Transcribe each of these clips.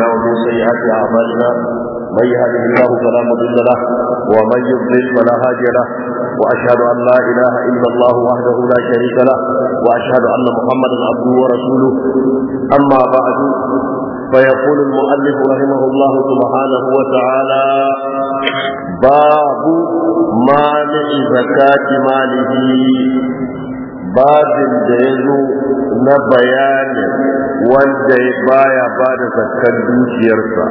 أنفسنا ومن سيئات أعمالنا من يهده الله فلا مضل له ومن يضلل فلا هادي له وأشهد أن لا إله إلا الله وحده لا شريك له وأشهد أن محمدا عبده ورسوله أما بعد فيقول المؤلف رحمه الله سبحانه وتعالى باب مانع زكاة ماله babin da ya zo na bayani wanda baya ba da zakar dukiyarsa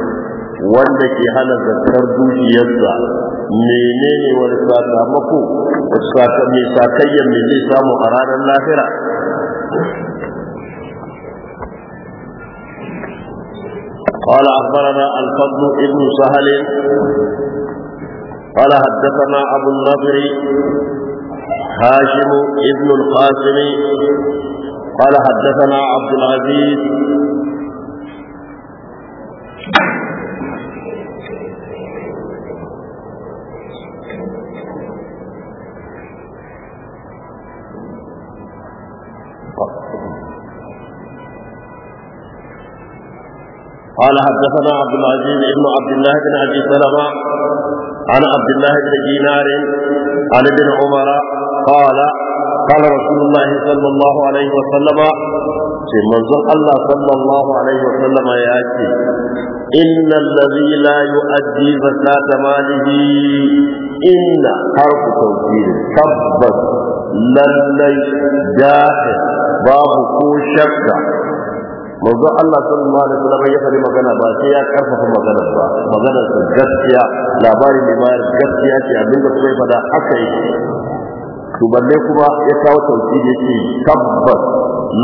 wanda ke hana zakar dukiyarsa menene wani sakamako mai sakayyar me zai samu a ranar lahira قال أخبرنا الفضل ابن سهل قال حدثنا أبو النضر هاشم بن القاسم قال حدثنا عبد العزيز قال حدثنا عبد العزيز بن عبد الله بن ابي سلمه عن عبد الله بن دينار عن ابن عمر قال قال رسول الله صلى الله عليه وسلم Allah sallallahu alaihi wa sallam ya ce inna allazi la yu'addi zakata malihi inna harfu tawkid tabbas lallai jahi babu ko manzo Allah sallallahu alaihi wasallam ya fadi magana ba sai ya karfafa magana ba magana gaskiya labarin da bayar gaskiya ce abinda kuma fada aka yi to balle kuma ya kawo tauhidi yake tabbas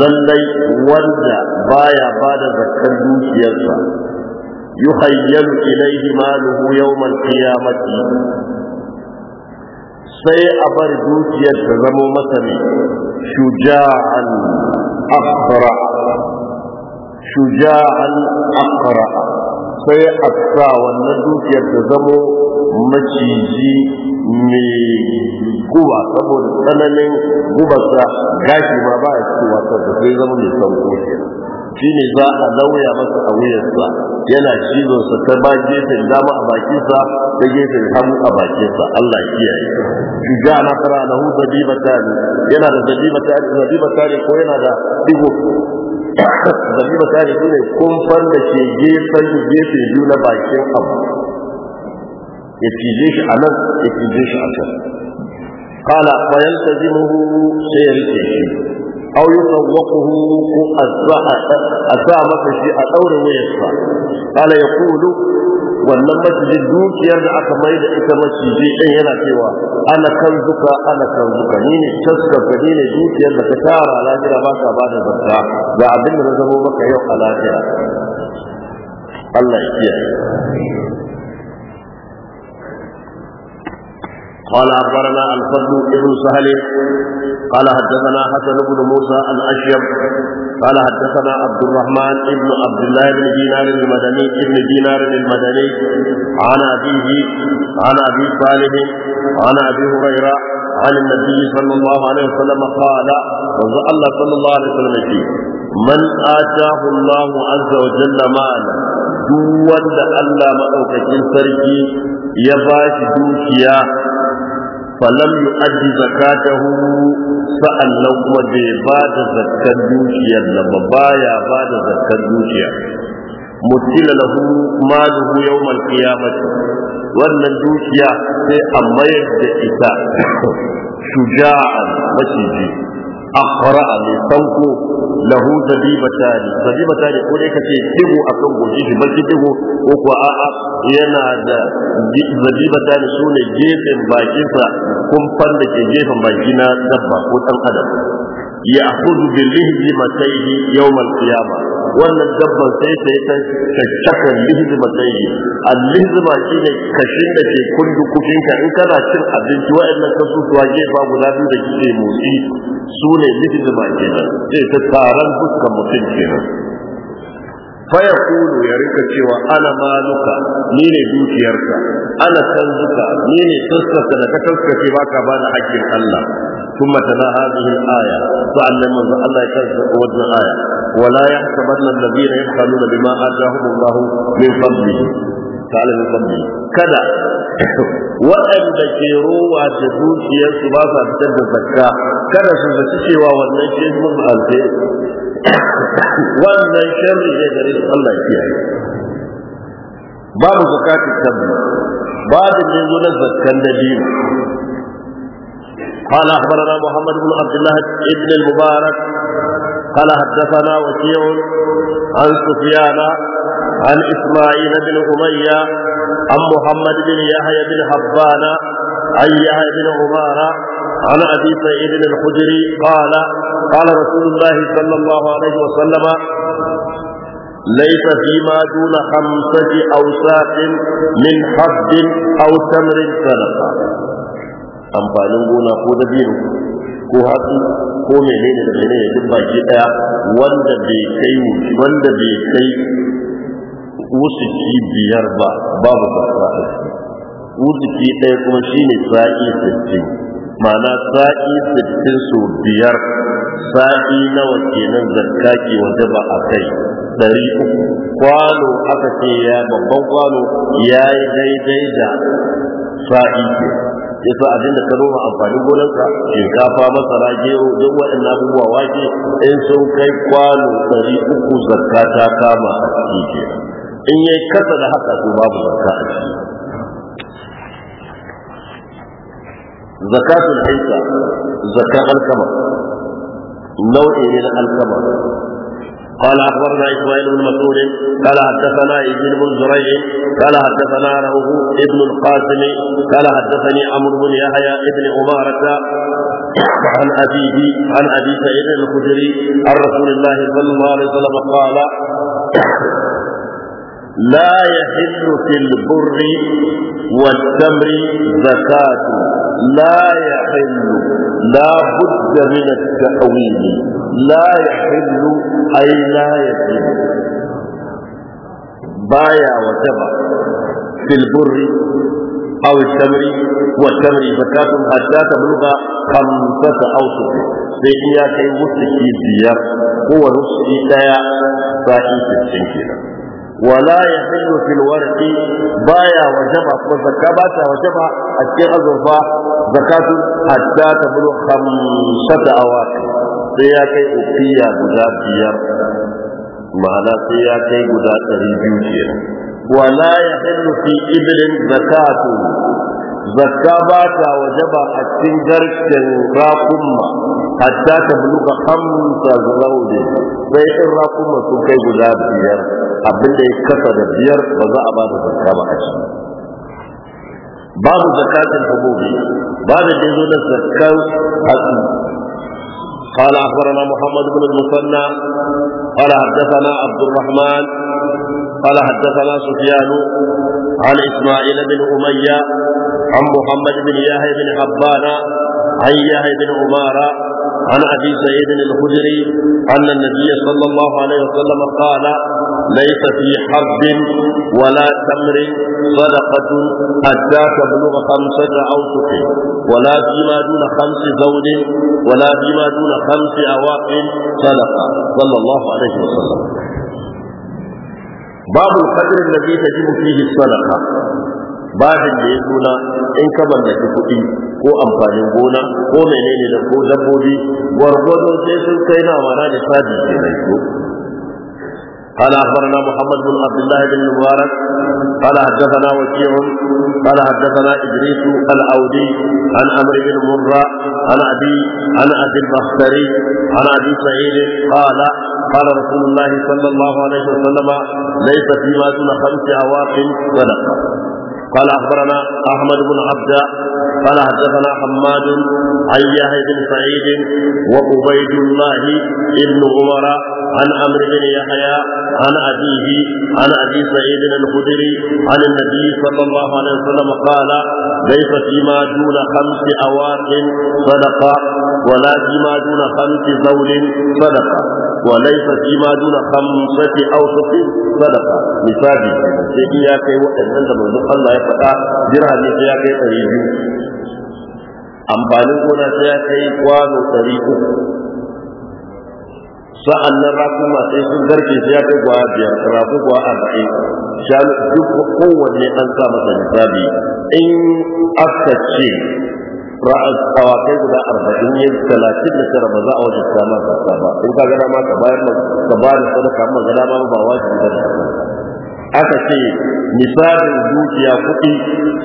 lallai wanda baya bada zakkar dukiyarsa yuhayyalu ilayhi maluhu yawmal qiyamati sai a bar dukiyar ta zamo masa ne shuja'an akhra shuja'an aqra sai a sa wannan dukiyar ta zamo maciji mai guba saboda tsananin gubarsa gashi ma ba ya fitowa kansa sai zama mai sauko kenan shi ne za a lauya masa a wuyarsa yana cizonsa ta ba gefen dama a bakinsa ta gefen hannu a bakinsa Allah kiyaye shi ga na fara na hu zabibata ne yana da zabibata ne ko yana da digo zabi misali su ne kun fanda ke gefen gefe biyu na bakin abu ya cije shi a nan ya cije shi a can kala bayan ta ji muhu sai ya rike shi au yi tsawakuhu ko a sa masa shi a ɗaure wayarsa kala ya kulu wannan masjidin dukiyar da aka mai da ita masjidi ɗin yana cewa ana kan zuka ana kan zuka ni ne taskar ka ni ne dukiyar da ka tara lafiya ba ka ba da zakka ga abin da na zamo maka yau a lafiya Allah ya kiyaye قال أخبرنا الفضل بن سهل قال حدثنا حسن بن موسى الأشيب قال حدثنا عبد الرحمن بن عبد الله بن دينار المدني بن دينار المدني عن أبيه عن أبي صالح عن أبي هريرة عن النبي صلى الله عليه وسلم قال الله صلى الله عليه وسلم من آتاه الله عز وجل مالا duk wanda Allah maɗaukakin sarki ya ba shi dukiya falam yu'addi zakatahu sa'annan kuma bai ba da zakkan dukiyar da ba baya ba da zakkan dukiya mutila lahu maluhu yawmal qiyamati wannan dukiya sai a mayar da ita a maciji akhra ali sanku lahu tadibatani tadibatani ko dai kace dibo akan goje shi balki dibo ko kuwa a yana da tadibatani sune gefen bakinsa sa kumfan da ke gefen baki dabba ko ɗan adam ya akhudhu bil lihi mataihi yawm al qiyamah wannan dabban sai ta yi caccakar lihzima ta yi a lihzima shi ne kashin da ke kundu kufinka in kana cin abinci wa'annan kasusuwa ke babu biyu da kike motsi su ne lihzima nan. sai ta taron fuskar mutum kenan fayakulu ya rika cewa ana maluka ni ne dukiyarka ana sanzuka ni ne taskaka da ka ke baka bani hakkin Allah ثم تلا هذه الآية فعلم من الله يكذب ودنا آية ولا يحسبن الذين يبخلون بما آتاهم الله من فضله تعالى من فضله كذا waɗanda ke rowa da zuciyarsu ba sa fitar da zakka kada su zaci cewa wannan shi mun alfe wannan sharri ne gare su Allah ya kiyaye babu zakatun tabbi babu ne zo zakkan da biyu قال أخبرنا محمد بن عبد الله بن المبارك قال حدثنا وكيع عن سفيان عن إسماعيل بن أمية عن محمد بن يحيى بن حبان عن يحيى بن عمارة عن أبي سعيد الخدري قال قال رسول الله صلى الله عليه وسلم ليس فيما دون خمسة أوساق من حب أو تمر صدقة amfanin gona ko dabino ko hatsi ko menene da menene duk baki daya wanda bai kai wanda bai kai wusuki biyar ba babu zakka a ciki wusuki ɗaya kuma shine sa'i sittin ma'ana sa'i sittin su biyar sa'i nawa kenan zakka ke wanda ba a kai ɗari uku kwano aka ce ya babban kwano ya yi daidai da sa'i kenan yasa abin da ka noma amfanin gonarka shinkafa masara gero duk waɗannan abubuwa wake in sun kai kwano ɗari uku zakka ta kama a ciki in yayi kasa da haka to babu zakka a ciki zakatul haita zakar alkama nau'i ne na alkama قال اخبرنا اسماعيل بن مسعود قال حدثنا ابن بن زريع قال حدثنا له ابن القاسم قال حدثني عمرو بن يحيى ابن عمارة عن ابيه عن ابي سعيد الخدري عن رسول الله صلى الله عليه وسلم قال لا يحل في البر والتمر زكاة لا يحل لا بد من التأويل لا يحل أي لا يحل بايع وتبع في البر أو التمر والتمر زكاة حتى تبلغ خمسة أوسط سيئة كي وسكي بيار هو نصف دايا فائدة الشيخ wala ya hillu fil warqi baya wajaba kuma zakka ba ta wajaba a cikin azurfa zakatu hatta ta bulu khamsata awaqi sai ya kai ukiya guda biyar sai ya kai guda ɗari biyu wala ya zakka ba ta ba a cikin garken rakunma hatta ta buluga hamsa zaune sai in rakunma sun kai guda biyar abinda ya kasa da biyar ba za a ba da zakka ba a ciki babu zakatin hububi ba da zo da zakkar قال أخبرنا محمد بن المثنى قال حدثنا عبد الرحمن قال حدثنا سفيان عن إسماعيل بن أمية عن محمد بن يحيى بن حبان عن يحيى بن عمارة عن أبي سعيد الخدري أن النبي صلى الله عليه وسلم قال ليس في حرب ولا تمر صدقة حتى تبلغ خمسة أو سكر ولا فيما دون خمس زوج ولا فيما دون خمس أواق صدقة صلى الله عليه وسلم babu al-qadr alladhi tajibu fihi sadaqa babin da ya suna in ka mallaki kuɗi ko amfanin gona ko menene da ko dabbobi gwargwado sai sun kai na mana da sadi ke nan ko قال اخبرنا محمد بن عبد الله بن المبارك قال حدثنا وكيع قال حدثنا ادريس الاودي عن عمرو بن مره عن ابي عن ابي البختري عن ابي سعيد قال قال رسول الله صلى الله عليه وسلم ليس فيما دون خمس عواق صدقه قال اخبرنا احمد بن عبد قال حدثنا حماد عن يحيى بن سعيد وعبيد الله بن عمر عن عمرو بن يحيى عن أبيه عن أبي سعيد الخدري عن النبي صلى الله عليه وسلم قال ليس فيما دون خمس أواق صدقة ولا فيما دون خمس زول صدقة وليس فيما دون خمسة أوسط صدقة مثالي sai ya kai waɗannan da manzon Allah ya faɗa jirage sai ya kai ɗari biyu amfanin gona sai ya kai kwano ɗari uku sa'an nan rafi masu sun garke shi ya kai gwaya biyar rafin gwaya arba'in shanu duk kowanne an sa masa misali in aka ce ra'as awakai guda arba'in ya talatin da tara ba za a wajen sama ba in ka gana ma ka bayar ka ba da sadaka ma gana ma ba wajen da aka ce misalin dukiya kuɗi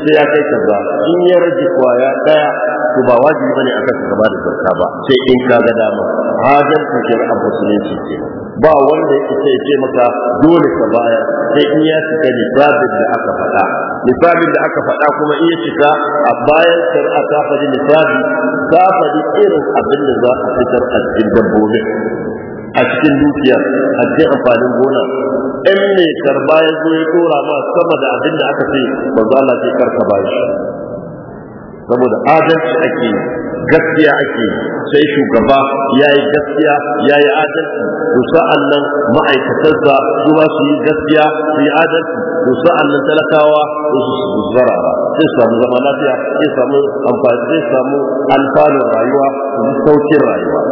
sai ya kai kaza in ya rage kwaya ɗaya to ba wajibi bane aka ka gaba da zarka ba sai in ka ga dama hajar ku ke a musulunci ke ba wanda yake sai ce maka dole ka baya sai in ya cika misalin da aka faɗa misalin da aka faɗa kuma iya cika a bayan shari'a ta faɗi misali ta faɗi irin abin da za a fitar a cikin dabbobin a cikin dukiya a cikin amfanin gona in mai karba ya zo ya tura ma sama da abin da aka ce manzo Allah kar karka ba shi saboda adalci ake gaskiya ake sai shugaba ya yi gaskiya ya yi adalci to sa'an nan ma'aikatarsa su ba su yi gaskiya su yi adalci to sa'an nan talakawa su su zara sai samu zama lafiya sai samu amfani sai samu alfanun rayuwa su saukin rayuwa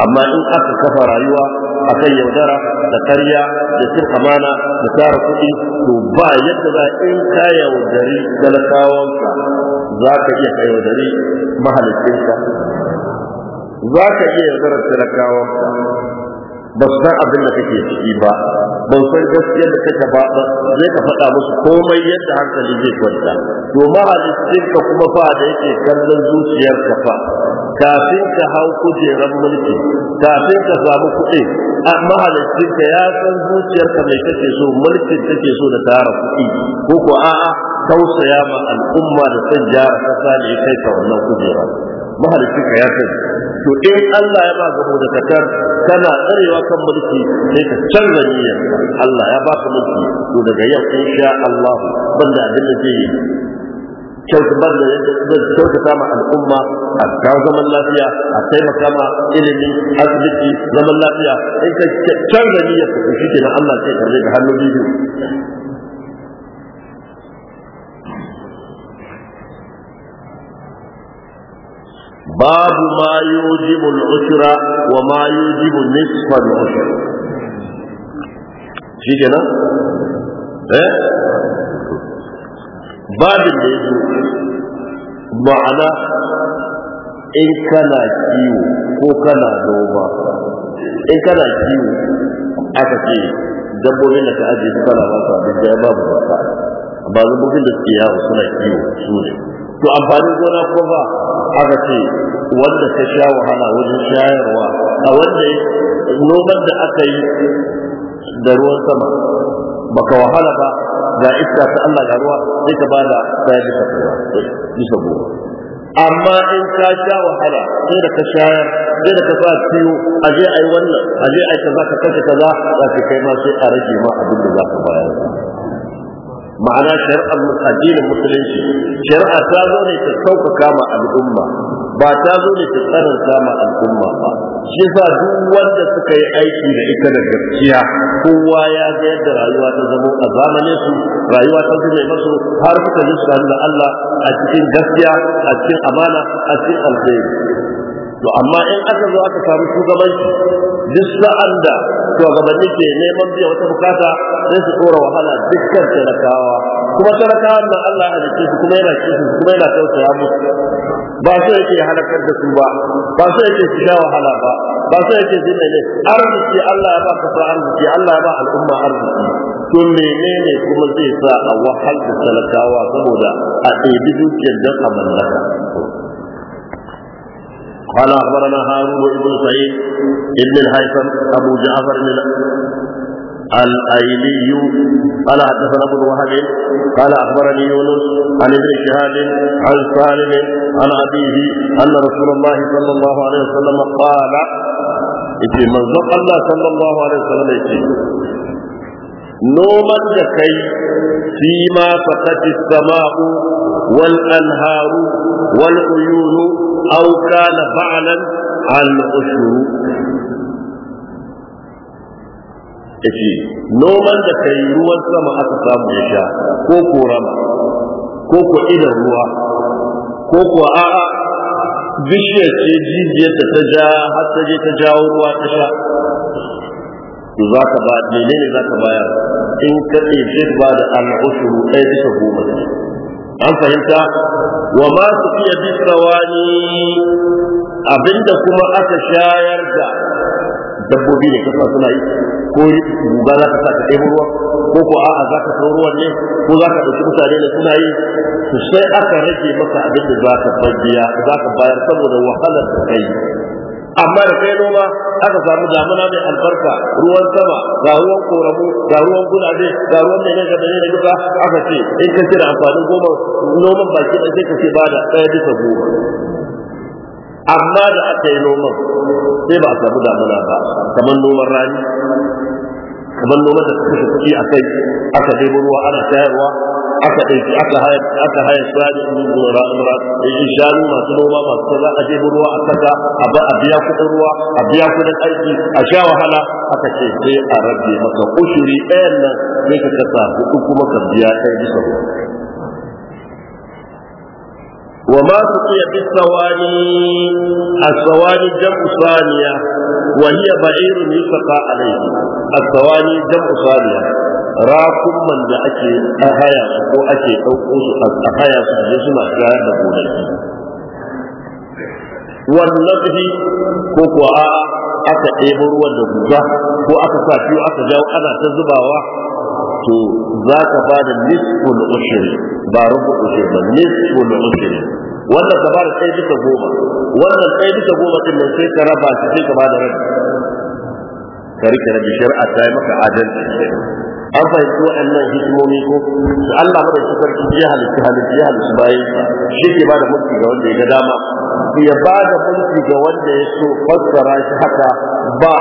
amma in aka kafa rayuwa a kan yaudara da karya da cin amana da tara kuɗi to ba yadda za in ka yaudari talakawanka za ka iya ka yaudari mahalicinka za ka iya yaudara talakawanka ba su san abin da kake ciki ba ba su san gaskiyar da kake ba zai ka faɗa musu komai yadda hankali zai kwanta to mahalicinka kuma fa da yake kallon zuciyarka fa kafin ka hau kujerar mulki kafin ka samu kuɗi amma halittun ka ya san zuciyarka mai kake so mulkin kake so da tara kuɗi ko ko a'a tausaya ma al'umma da san jara kasa ne kai ka wannan kujera mahalittun ka ya san? to in Allah ya ba gabo da katar kana tsarewa kan mulki sai ka canza niyyar Allah ya baka mulki to daga yau insha Allah banda abin da zai yi kyautar da kyautata ma al'umma a kawo zaman lafiya a taimaka ma ilimi, asibiti zaman lafiya in ka canza niyyar ka shi ke nan Allah sai karbe da hannu biyu Babu باب ما يوجب العسر وما يوجب نصف العسر شيء كده؟ ايه babin da ya zo ma'ana in kana kiwo ko kana noma in kana kiwo aka ce dabbobin da ka aje su kana ba su abin da ya babu zaka amma dabbobin da suke yawo suna kiwo su ne to amfanin gona ko ba aka ce wanda ka sha wahala wajen shayarwa a wanda noman da aka yi da ruwan sama baka wahala ba ga iska ta Allah ga ruwa sai ka bada sai bisa kowa bisa goma amma in ka sha wahala sai da ka shayar sai da ka sa ciwo a je a yi wannan a je a yi kaza ka kashe kaza za ka kai ma sai a rage ma abin da za ka bayar ma'ana shari'ar addinin musulunci shari'a ta zo ne ta sauƙaƙa ma al'umma ba ta zo ne ta tsananta ma al'umma ba shi za duk wanda suka yi aiki da ita da gaskiya kowa ya ga yadda rayuwa ta zama a zamanin su rayuwa ta zama masu har suka ji su da Allah a cikin gaskiya a cikin amana a cikin alheri to amma in aka zo aka samu shugabanci duk sa'an da shugabanni ke neman biya wata bukata sai su tsora wahala dukkan talakawa kuma talakawan nan Allah ya halicce su kuma yana kisu kuma yana tausaya musu ba sai yake halakar da su ba ba sai yake su sha wahala ba ba sai yake su ne arziki Allah ya ba kasa arziki Allah ya ba al'umma arziki to menene kuma zai sa a wahal da talakawa saboda a ɗebi dukiyar dan a mallaka قال اخبرنا هارون بن سعيد بن الهيثم ابو جعفر الايلي قال حدثنا ابو وهب قال اخبرني يونس عن ابن شهاب عن سالم عن ابيه ان رسول الله صلى الله عليه وسلم قال yace manzon Allah sallallahu alaihi wasallam yace noman da kai fi ma fatati sama'u wal anharu wal uyunu أو كان فعلا العشر yace noman da kai ruwan sama aka samu ya sha ko koram ko ko idan ruwa ko ko a'a bishiyar ce jijiyar ta ja har ta je ta jawo ruwa ta sha to za ka ba menene za ka bayar in ka ɗauke ba da al'ushuru ɗaya bisa goma an fahimta wa masu su iya tsawani abinda kuma aka shayar da dabbobi ne kasa suna yi ko guga za ka sa ka ɗebo ruwa ko ko a'a za ka sa ruwan ne ko za ka ɗauki mutane ne suna yi sai aka rage maka abinda za ka bayar saboda wahalar da kai amma da kai noma aka samu damuna mai albarka ruwan sama ga ruwan koramu ga ruwan kudaje ga ruwan da ne da da duka aka ce in ka cire amfanin goma noman baki da sai ka ce ba da ɗaya bisa goma amma da aka yi noman sai ba a samu damuna ba kamar noman rani kamar noman da suka a kai aka debo ruwa ana shayarwa aka ɗauki aka haya aka haya shanu masu noma masu kaza a je ruwa a kasa a biya kuɗin ruwa a biya kuɗin aiki a sha wahala aka ce sai a rabe maka kushuri ɗayan nan sai ka kasa hudu kuma ka biya ɗaya bisa hudu وما سقي في الثواني الثواني جمع ثانية وهي بعير يسقى عليه rakumman da ake haya su ko ake ɗauko su a haya su su suna shayar da gonaki fi ko kuwa a aka ɗebo ruwan da guga ko aka sa fiyo aka jawo ana ta zubawa to za ka ba da nisful ushiri ba rubu ushiri ba nisful ushiri wannan ka ba da ɗaya bisa goma wannan ɗaya bisa goma din nan sai ka raba shi sai ka ba da rabi ka rike rabi shari'a ta yi maka adalci an fahimci waɗannan hikimomi ko su Allah mada shi sarki ya halitta halitta ya halitta bayan shi ke ba da mulki ga wanda ya ga dama ya ba da mulki ga wanda ya so fassara shi haka ba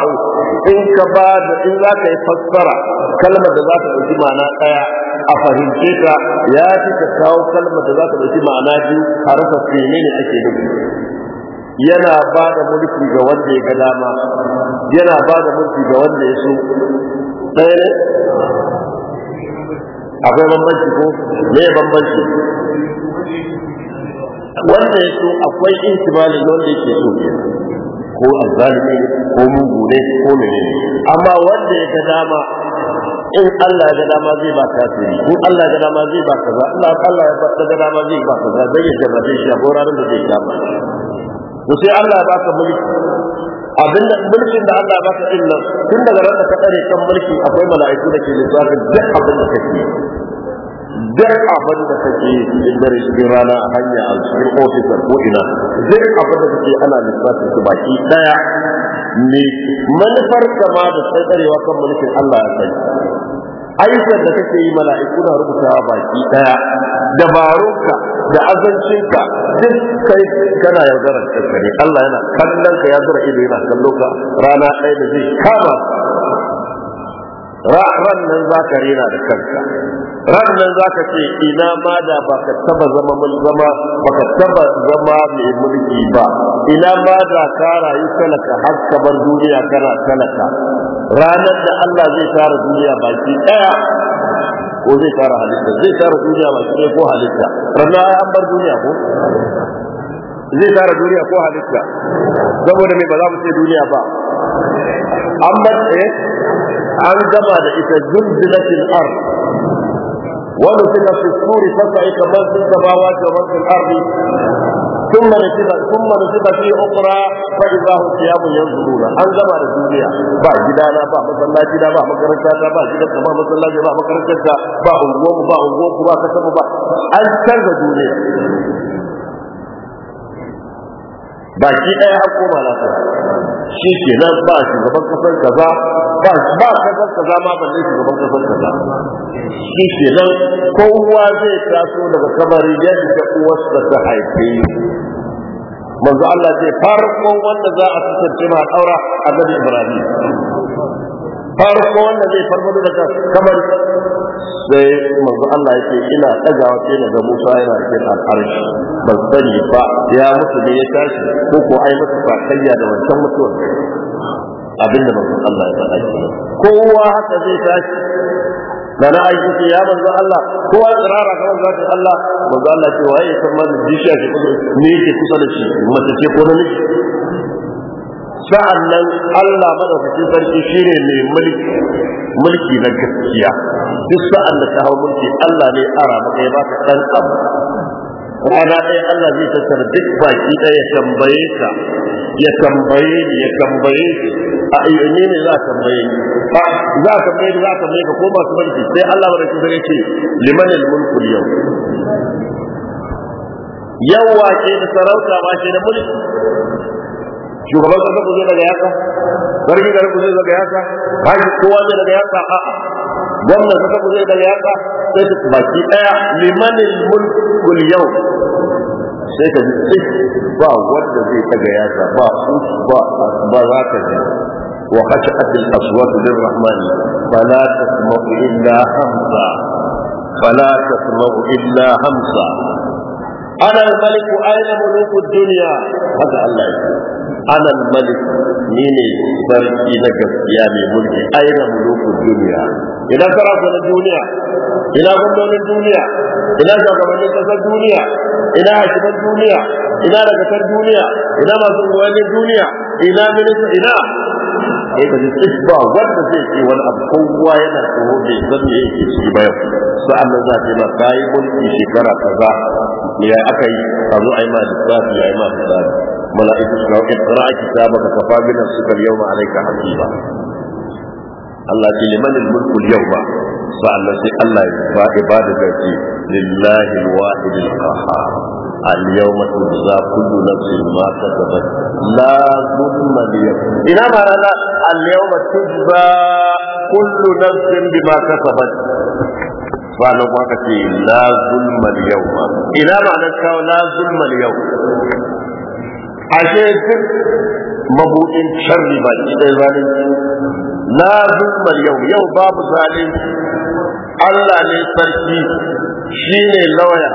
in ka ba da in za ka yi fassara kalmar da za ta ɗauki ma'ana ɗaya a fahimce ka ya fi ka kawo kalmar da za ta ɗauki ma'ana biyu a rasa ne ake nufi yana ba da mulki ga wanda ya ga dama yana ba da mulki ga wanda ya so ɗaya ne akwai bambanci ko me bambanci wanda ya so akwai intibali wanda yake so ko azzalimi ko mugu ne ko mene amma wanda ya ga dama in Allah ya ga dama zai ba kafiri in Allah ya ga dama zai ba kaza Allah Allah ya ga dama zai ba kaza zai ya jarrabe shi a ranar da zai kama sai Allah ya baka mulki abin da mulkin da Allah baka din nan tun daga ran da ka tsare kan mulki akwai mala'iku da ke lissafin duk abin da kake duk abin da kake in dare cikin rana a hanya a cikin ofis da ko'ina duk abin da kake ana lissafin su baki daya ne manufar kama da tsarewa kan mulkin Allah ya kai. aikin da kake yi mala'iku na rubuta baki daya dabarunka da azancinka duk kai kana yaudarar kanka ne Allah yana kallon ka ya zura ido yana kallo ka rana ɗaya da zai kama ran nan za ka rena da kanka ran nan za ka ce ina ma da ba ka taba zama mun zama ba ka taba zama mai mulki ba ina ma da ka rayu talaka har ka bar duniya kana talaka ranar da Allah zai tara duniya baki daya ko zai tara halitta zai tara duniya baki daya ko halitta ranar an bar duniya ko zai tara duniya ko halitta saboda me ba za mu ce duniya ba an bar an gaba da ita zulzilatil ard wa nufika fi suri fasaika man fi samawati wa man fi ardi ثم نسب ثم نسب في أخرى فإذا هم ثياب ينظرون أن زما الدنيا با جدانا با مسلاتي دا با مكرنتا با جدك با مسلاتي با مكرنتا با أنغوم با أنغوم با كتب با أن تنزل الدنيا baki ɗaya an koma lafiya shi ke nan ba shugaban kasar kaza ba ba kasar kaza ma shi shugaban kasar kaza shi ke nan kowa zai taso daga kamari yadda ta uwarsa ta haife manzo Allah ce farkon wanda za a tsace ma daura annabi Ibrahim farko wanda zai farfado daga kamar sai manzo Allah yake ina dagawa sai na ga Musa yana cikin al'arshi ban sani ba ya mutu ne ya tashi ko ko ai mutu ba kayya da wancan mutuwar abinda manzo Allah ya faɗa kowa haka zai tashi da na aiki ya manzo Allah kowa ya tsirara kamar zakin Allah manzo Allah ce waye san manzo bishiya ce ne ke kusa da shi mace ce ko namiji sa'an nan Allah maɗaukacin sarki ne mai mulki na gaskiya duk sa'an da ka hau mulki Allah ne ara maka ya ka ɗan abu rana ɗaya Allah zai tattara duk baki ɗaya ya tambaye ka ya tambaye ni ya tambaye a ayyane ne za a tambaye ni ba za a tambaye ni za a tambaye ka ko masu mulki sai Allah maɗaukacin sarki ce liman mulku yau yawa ke da sarauta ba ke da mulki shugaban kasa ku zai daga yasa garbi gari ku zai daga yasa haji kowa zai daga yasa a gwamnan kasa ku zai daga yasa sai ta baki daya limanin mulkul yau sai ka ji sai ba wanda zai daga yasa ba su ba ba za ka ji wa khashat al aswat lir rahman fala tasma'u illa hamza fala tasma'u illa hamza ana al malik wa ana mulku dunya hada Allah ya anan malik ni ne sarki na gaskiya mai mulki aina mulukun duniya ina na duniya ina gwamnonin duniya ina shugabannin kasar duniya ina hakiman duniya ina dakatar duniya ina masu goyonin duniya ina minista ina sai ka ji ba wanda zai ce wani abu kowa yana tsoro bai san me yake ciki ba yau sa'an nan za ta ma yi mulki shekara kaza me aka yi a zo a yi ma lissafi a yi ma lissafi mala'iku suna iqra kitabaka kafa bi nafsika al-yawma alayka hasiba Allah ce liman al-mulku al-yawma sa'an sai Allah ya fa ibada da ce lillahi al-wahid al-qahhar al-yawm tujza kullu nafsin ma kasabat la zulma al-yawm ina ma rana al-yawm tujza ina na kawo ashe duk mabuɗin sharri ba ki ɗaya zalunci Na zulmal yau yau babu zalunci Allah ne sarki shi ne lawaya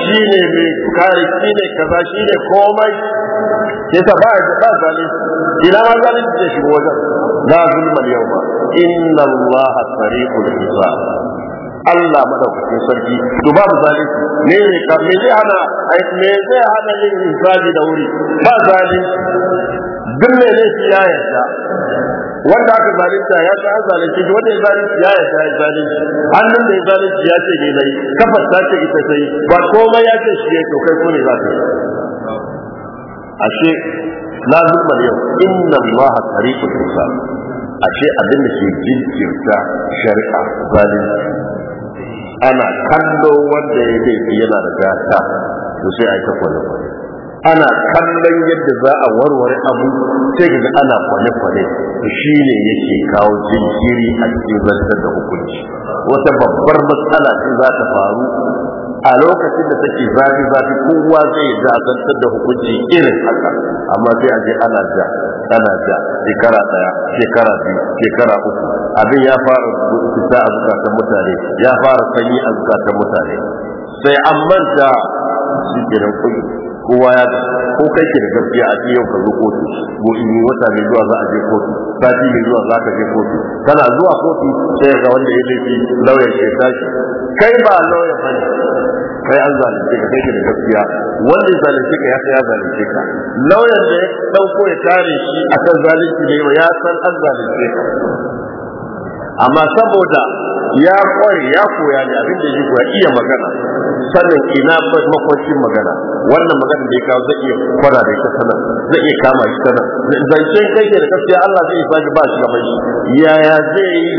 shi ne mai kare shi ne kaza shi ne komai ya ta ba ba zalunci ina ma zalunci ya shigo wajen la zulmal yau ba inna Allah sariqul hisab Allah madaukakin sarki to babu zalunci ne ne ka me zai hana ai me zai hana yin hisabi da wuri ba zalunci duk ne ne ya yarda wanda aka zalunta ya ta an zalunci shi wanda ya zalunci ya yarda ya zalunci hannun da ya zalunci ya ce ne nayi kafar ta ce ita sai ba komai ya ce shi ne to kai ko ne za ka yi ashe la zulma yau inna allaha tariqul hisab ashe abin da ke jinkirta shari'a zalunci ana kallo wanda ya laifi yana da gata to sai a yi ta kwale-kwale. ana kallon yadda za a warware abu sai ga ana kwale-kwale da shi ne yake kawo jinkiri a cikin zartar da hukunci wata babbar matsala ce za ta faru a lokacin da take zafi zafi kowa zai zagantar da hukunci irin haka amma sai a je ana ja ana ja shekara daya shekara biyu shekara uku abin ya fara fita a zukatan mutane ya fara sanyi a zukatan mutane sai an manta shi kenan kuɗi kowa ya ga ko kai ke da gaskiya a cikin yau ka zo kotu ko in wata mai zuwa za a je kotu sati mai zuwa za ka je kotu kana zuwa kotu sai ga wanda ya laifi lauyan ke tashi kai ba lauyan ba kai an zalunce ka kai ke da gaskiya wanda ya zalunce ka ya ya zalunce ka lauyan da ya dauko ya tare shi akan zalunci ne ya san an zalunce ka amma saboda ya kware ya koya da abin da ya iya magana sannan ina makwancin magana wannan magana da ya kawo zai iya kwara da ita sanar zai iya kama shi sanar ce kai da gaskiya Allah zai shi ba shi gaban shi yaya zai yi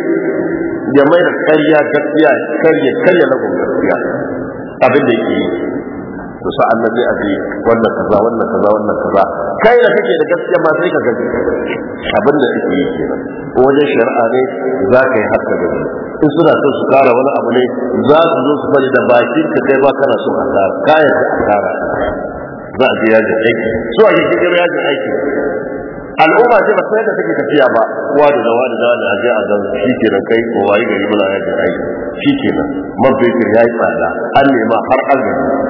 ya mai da karya gaskiya karya karya na gaskiya abin da yake yi to sa'an nan zai a ce wannan kaza wannan kaza wannan kaza kai da kake da gaskiya ma sai ka gaji abin da kake yi kenan ko wajen shari'a ne za ka yi haka da in suna son su kara wani abu ne za su zo su bari da bakin ka kai ba kana son a kara kayan ka a za a je yajin aiki su a yi yajin aiki al'umma ce ba sai da take tafiya ba wa da zawa da zawa da aje a zan shi ke da kai ko wayi gari muna yadda ai shi ke nan man fetur ya yi tsada an nema har Ka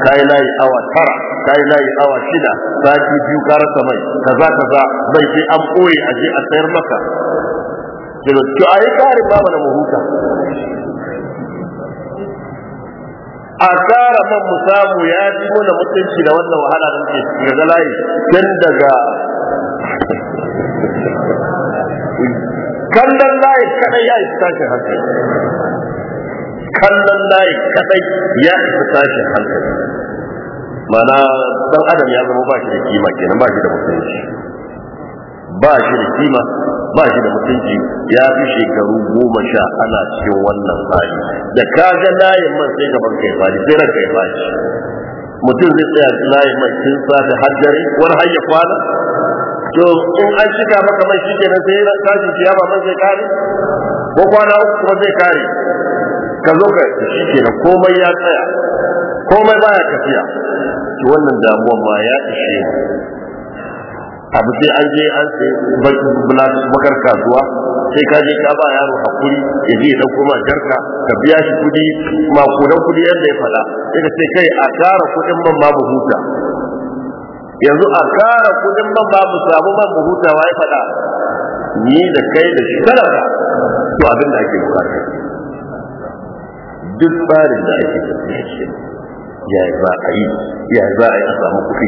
kai layi awa tara kai layi awa shida sati biyu ka rasa mai kaza kaza bai sai an a je a sayar maka da to ayi karin ba mana mu huta a tsara man mu samu ya ji mana mutunci da wannan wahala da ke daga layi tun daga kallon layi kadai ya isa tashin hankali kallon layi kadai ya isa tashin hankali mana dan adam ya zama ba shi da kima kenan ba shi da mutunci ba shi da kima ba shi da mutunci ya fi shekaru goma sha ana cikin wannan hali da ka ga layin man sai gaban kai fadi sai ranka ya fashi mutum zai tsaya layin man sun safe har dare wani har ya kwana to in an cika maka mai shi kenan sai ya ba man zai kare ko kwana uku kuma zai kare ka zo ka shi kenan komai ya tsaya komai baya tafiya to wannan damuwan ma ya ishe abu sai an je an sai bakar kasuwa sai ka je ka ba yaro hakuri ya je dan kuma jarka ka biya shi kudi kudan kudi yadda ya fada sai ka ce kai a tara kudin man babu huta yanzu a kara kudin man ba mu samu man mu hutawa ya faɗa ni da kai da shi kana to abin da ake bukata duk tsarin da ake tafiya shi ya za a yi ya za a yi a samu kuɗi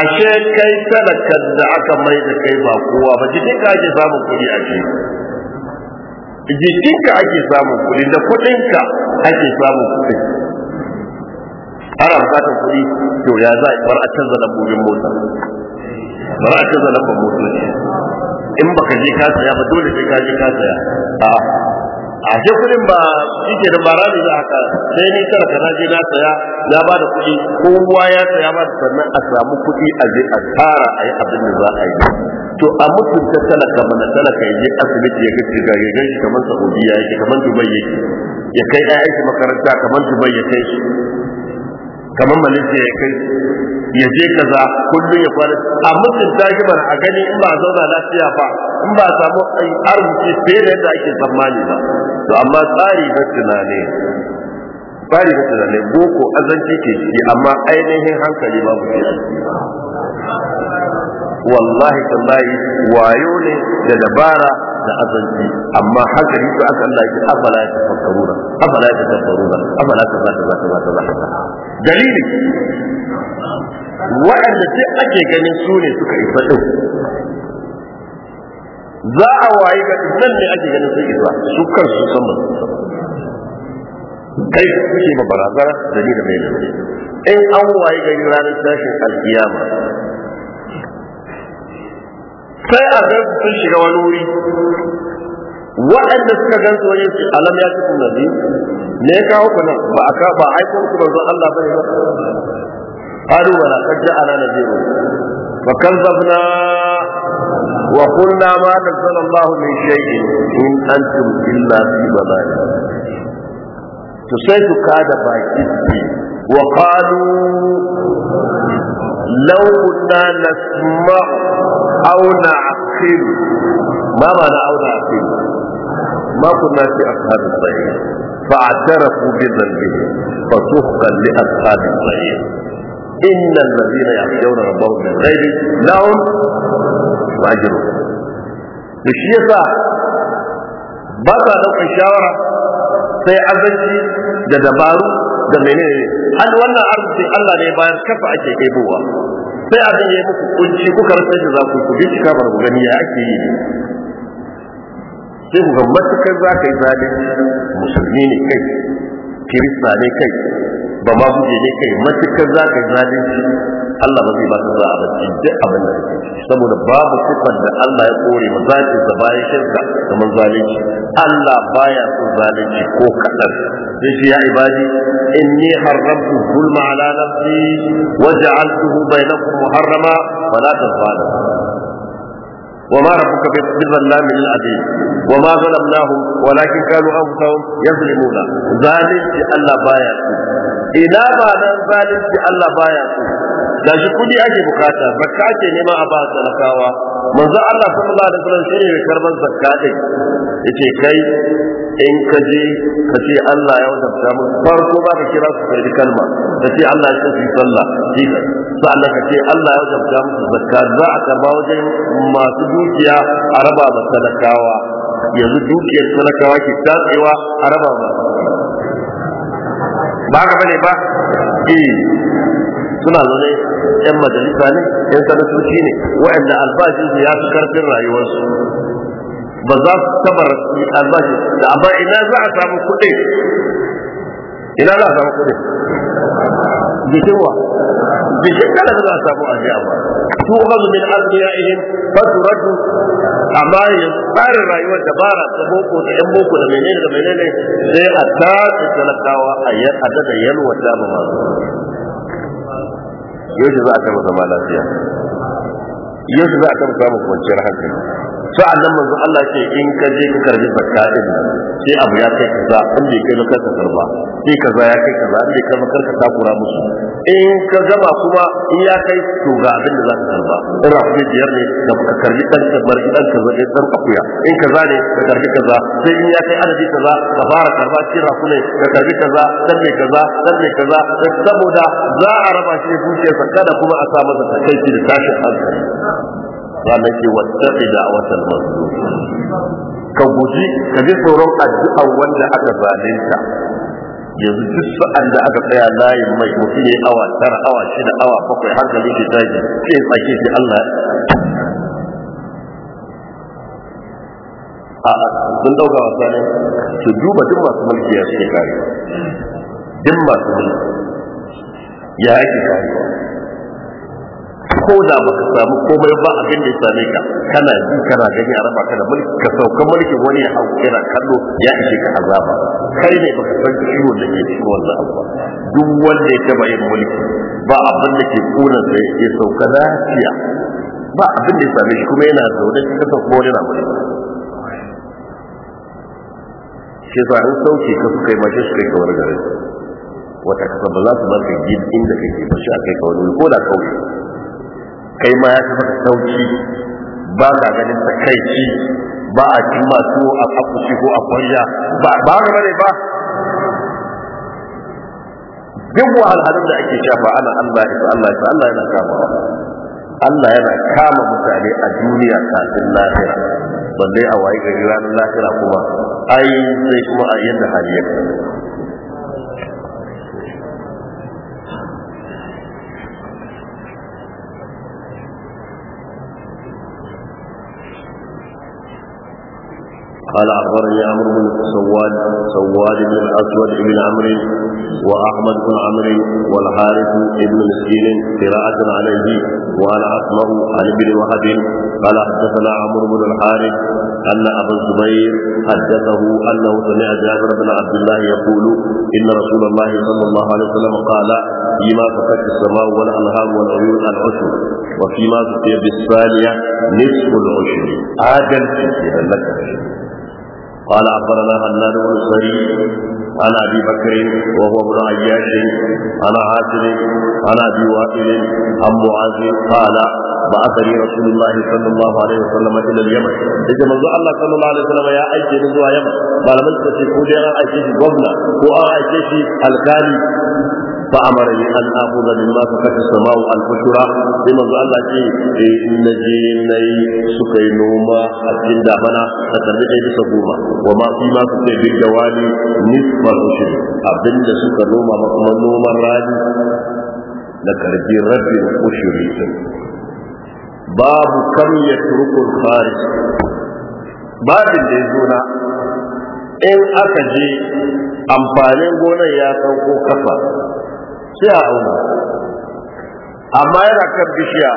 ashe kai talakar da aka mai da kai ba kowa ba jikinka ake samun kuɗi a ce jikin ake samun kuɗi da kuɗinka ake samun kuɗi ana bukatar kuɗi to ya za a bar a canza lambobin mota bar a canza lambar motoci in baka je ka saya ba dole sai ka je ka saya a'a a je kudin ba shi ke da bara a ka sai ni kar ka je na saya ya ba da Ko kowa ya saya ba sannan a samu kuɗi a je a tara a yi abin da za a yi to a mutunta talaka mana talaka ya je asibiti ya gaske ga ya gaishe kamar saudiya yake kamar dubai yake ya kai aiki makaranta kamar dubai ya kai su kamar malaysia ya kai ya je kaza kullum ya kwana a mutum ta a gani in ba zauna lafiya ba in ba samu arziki fiye da yadda ake tsammani ba to amma tsari na tunani tsari na tunani boko azanci ke ciki amma ainihin hankali ba ku wallahi tallahi wayo ne da dabara da azanci amma hankali su aka Allah ya afala ya tafakkaruna afala ya tafakkaruna afala ta za ta za ta za dalili waɗanda sai ake ganin su ne suka isa ɗin za a waye ga nan ne ake ganin su isa su kan su sama kai suke ma barazana da ni da mai da in an waye gari ranar tashin alkiyama sai a ga sun shiga wani wuri waɗanda suka gan su wani alam ya ci kuma me ya kawo ku nan ba a ka ba aikon ku manzon Allah bane ba qalu wala qad ja'ana nabiyyu wa kanzabna wa qulna ma nazzala Allah min shay'in in antum illa fi balal to sai ku kada baki wa qalu law kunna nasma aw na'qil ma ma na'qil ma kunna fi ashabi sayyid فاعترفوا بذنبهم فسحقا لاصحاب السعير ان الذين يخشون ربهم بالغيب لهم اجر shi yasa ba sa ɗaukar shawara sai azanci da dabaru da menene an wannan arziki Allah ne bayan kafa ake ɗebowa sai abin ya muku kunci kuka rasa da za ku ku gani ya ake yi sai ku ga matukar za ka yi zalunci musulmi ne kai kirista ne kai ba ma guje ne kai matukar za ka yi zalunci Allah ba zai ba ka za a bacci duk abin da kake saboda babu sifar da Allah ya kore ba za ki zaba ya shirka kamar zalunci Allah baya so zalunci ko kadan sai shi ya ibadi inni haramtu zulma ala nafsi wa ja'altuhu bainakum muharrama fala tazalimu وما ربك بظلام للعبيد وما ظلمناهم ولكن كانوا انفسهم يظلمون ظالم الله بايا ina ba nan zalunci Allah baya so da shi kudi ake bukata zakka ake nema a ba talakawa manzo Allah sallallahu alaihi wasallam shi ne karban zakka din yace kai in ka je ka ce Allah ya wadanta mu farko ba ka kira su kai kalma ka ce Allah ya kafi sallah shi sa'annan ka ce Allah ya wajabta musu zakka za a karba wajen masu dukiya a raba ba talakawa yanzu dukiyar talakawa ke tatsewa a raba ba ba ka bane ba eh suna zaune yan majalisa ne yan sanatoci ne albashin su ya fi karfin rayuwarsu ba za su taba albashi amma ina za a samu kuɗi ina za a samu kuɗi bishinwa bishin kada za a samu ajiya ba tuhaz min azmiyaihim faturadu amma ya tsarin rayuwar dabara ta boko da yan boko da menene da menene sai a tace talakawa a daga yalwata ba masu yau za a kama zama lafiya yau za a kama samun kwanciyar hankali sa'an nan manzo Allah ke in ka je ka karbi zakka din sai abu ya kai kaza in bai kai maka ka karba sai kaza ya kai kaza in bai kai maka ka takura musu in ka gama kuma in ya kai to ga abin da za ka karba in rafi biyar ne da ka karbi dan kabar dan ka ne dan akuya in kaza ne ka karbi kaza sai in ya kai adadi kaza ka fara karba shi rafi ne ka karbi kaza dan ne kaza dan ne kaza saboda za a raba shi zuciyarsa kada kuma a sa masa takaici da tashin hankali ranar ke wata da watan masu ka guji ka bi tsoron addu'ar wanda aka zalunta yanzu duk sa'an da aka tsaya layin mai mutum ya awa tara awa shida awa bakwai har da shi daji sai tsake shi Allah a sun dauka wasa ne su duba duk masu mulki ya suke kare duk masu mulki ya ake kare ko da baka samu komai ba abin da ya same ka kana ji kana gani a raba ka da mulki ka sauka mulkin wani ya hau kira kallo ya ishe ka azaba kai ne baka san ciwo da ke cikin wannan abu duk wanda ya taba yin mulki ba abin da ke kuna sai ya sauka lafiya ba abin da ya same shi kuma yana zaune ka sauka wani yana mulki shi yasa in sauke ka suka yi mace suka yi kawar garin wata kasa ba za su ba baka gid inda kake ba shi a kai ka wani ko da kauye kai ma ya tafi sauki ba ka ganin takaici ba a cin masu a kafushi ko a kwarya ba ba ga bane ba duk wahalhalun da ake shafa ana Allah ya Allah ya Allah yana kama Allah yana kama mutane a duniya kafin lahira balle a waye gari ranar lahira kuma ai sai kuma a yadda hali ya قال اخبرني عمرو بن سواد سواد بن الاسود بن عمرو واحمد بن عمرو والحارث بن مسكين قراءة عليه وانا اسمع عن ابن وهب قال حدثنا عمرو بن الحارث ان ابا الزبير حدثه انه سمع جابر بن عبد الله يقول ان رسول الله صلى الله عليه وسلم قال فيما فتت السماء والانهار والعيون العشر وفيما فتي بالثانيه نصف العشر عاجل في لك قال أخبرنا هنان بن سعيد عن أبي بكر وهو ابن عياش عن عاصم عن أبي وائل عن معاذ قال بعثني رسول الله صلى الله عليه وسلم إلى اليمن إذا من الله صلى الله عليه وسلم يا أيدي نزوى يمن ما لم تكن يكون أيدي قبل وأيدي الكالي fa amara ni an akhudha mimma sakata samau al bushra sai manzo Allah ce eh inna je nayi suka yi noma a cikin damana a tarbi ɗaya bisa goma wa ma fi ma suka yi bigawali nisfar ushri abinda suka noma ma kuma noman rani da karbi rabin ushri babu kam ya turkul kharij babin da ya na in aka je amfanin gonar ya sauko kafa sai a auna amma yana kan bishiya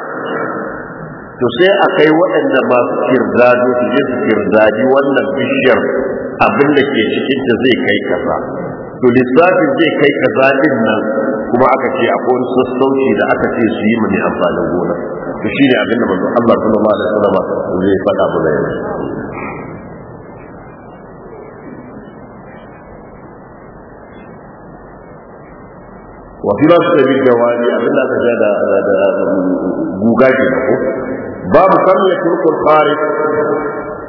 to sai a kai waɗanda masu kirzado su je su kirzadi wannan bishiyar abin da ke cikin da zai kai kaza to lissafin zai kai kaza din nan kuma aka ce akwai wani sassauci da aka ce su yi mu amfanin gona to shine abin da manzo Allah sallallahu alaihi wasallam zai faɗa mana yanzu wa fi da bin jawani abin da aka da guga ke na ku? babu kam ya turkul kharif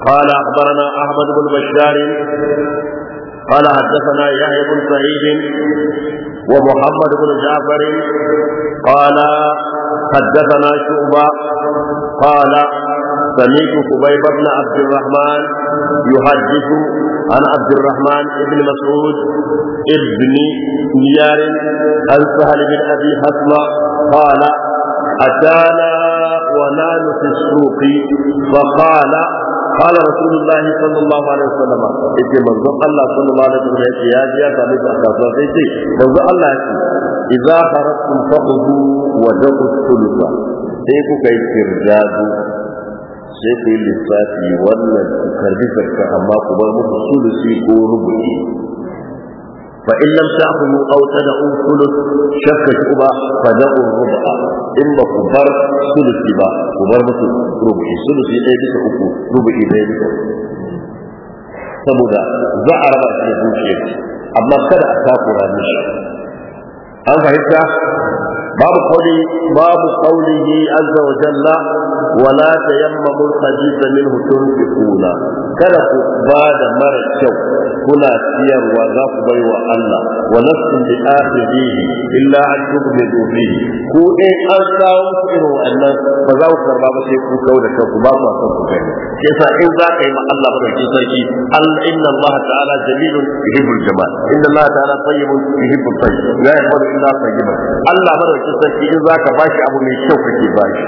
قال أخبرنا أحمد بن بشار قال حدثنا يحيى بن سعيد ومحمد بن جعفر قال حدثنا شعبة قال سمعت خبيب بن عبد الرحمن يحدث عن عبد الرحمن بن مسعود ابن نيار عن سهل بن ابي حسمه قال اتانا ونحن في السوق فقال قال رسول الله صلى الله عليه وسلم يتي منظر الله صلى الله عليه وسلم يتي يا جيا تعليق أخلاصات يتي منظر الله يتي إذا خرجتم فخذوا وجدوا الثلثة sai kuka yi firdazu sai ku yi lissafi wannan ku karbi zakka amma ku bar muku sulusi ko rubu'i fa in lam ta'khudhu aw tad'u sulus shakka uba fad'u rubu'a in ba ku bar sulusi ba ku bar musu rubu'i sulusi ɗaya bisa uku rubu'i ɗaya bisa saboda za a raba shi da zuciya amma kada a takura mishi an fahimta باب قولي باب قوله عز وجل ولا تيمموا الخبيث منه تنفقون kada ku ba da mara kyau kuna siyarwa za ku bai wa Allah wa nafsin bi illa an tughmidu fihi ko an sawo ku irin ba za ku karba ba sai ku kawo da kanku ba ku san ku gani yasa in za ka yi ma Allah madaukakin sarki inna ta'ala inna ta'ala da sarki in za ka bashi abu mai kyau kake bashi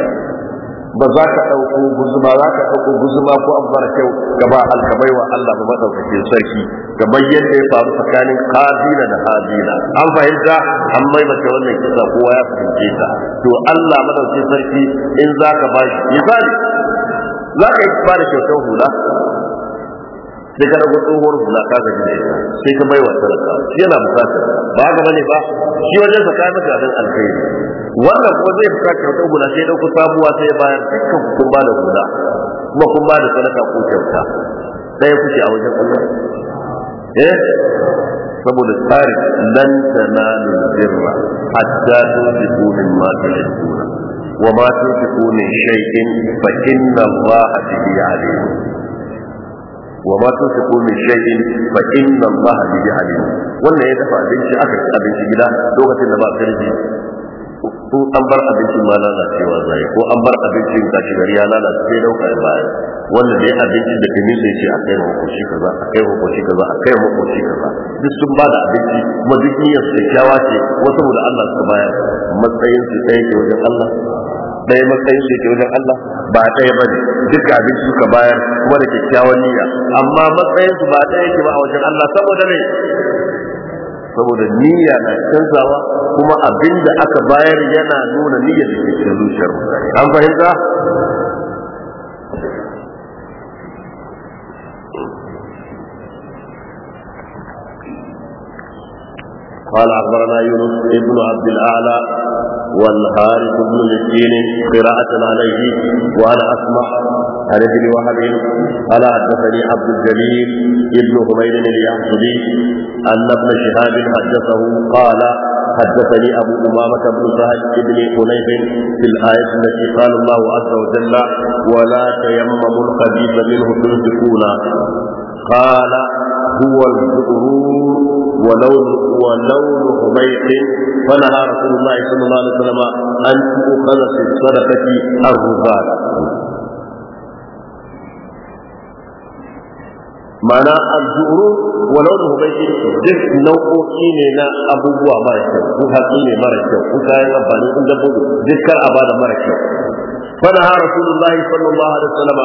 ba za ka ɗauko guzuma za ka ɗauko guzuma ko abu mara kyau ba alkamai wa Allah ba maɗaukake sarki kamar yadda ya faru tsakanin hazina da hazina an fahimta an maimaita wannan kisa kowa ya fahimce ta to Allah maɗauke sarki in za ka bashi misali za ka yi ba da kyautar hula sai ka rabu tsohuwar hula ka ga gida ita sai ka baiwa sadaka shi yana bukata ba ga bane ba shi wajen sa ka maka abin alkhairi wannan kuma zai fita kyautar hula sai dauko sabuwa sai ya bayar dukkan kun ba da hula kuma kun ba da sadaka ko kyauta sai kuke a wajen Allah eh saboda tsarin lan tanalu birra hatta tunfiqu mimma tuhibbuna wa ma tunfiqu min shay'in nan ba a bihi alim wa ma tunfiqu min shay'in fa inna Allah bihi alim wannan ya dafa abinci aka ci abinci gida lokacin da ba karfi ko an bar abincin ma lalacewa zai ko an bar abincin kashi ya lalace sai dauka baya wanda dai abincin da kamin zai ce a kai makoci kaza a kai makoci kaza a kai makoci kaza duk sun bada abinci kuma duk niyyar ce wasu da Allah ka baya matsayinsu su ɗaya wajen Allah ɗaya matsayin da ke wajen Allah ba ɗaya bane duk abin da suka bayar kuma da kyakkyawan niyya amma matsayin su ba ɗaya yake ba a wajen Allah saboda ne saboda niyya na canzawa kuma abin da aka bayar yana nuna niyyar da ke cikin zuciyar an fahimta قال أخبرنا يونس ابن عبد الأعلى والحارث بن مسكين قراءة عليه وأنا أسمع عن ابن وهب قال حدثني عبد الجليل ابن حميد اليحسبي أن ابن شهاب حدثه قال حدثني أبو أمامة بن سهل بن حنيف في الآية التي قال الله عز وجل ولا تيمموا الخبيث منه تنفقون قال هو البؤرون ولون ولون حميق فنهى رسول الله صلى الله عليه وسلم ان تؤخذ في الصدقه الرباط ma'ana al-ju'ru wa launuhu bayyid duk nau'o'i ne na abubuwa mara kyau ko hatsi ne mara kyau ko kayan amfani ko dabbobi duk kar a bada mara kyau فنهى رسول الله صلى الله عليه وسلم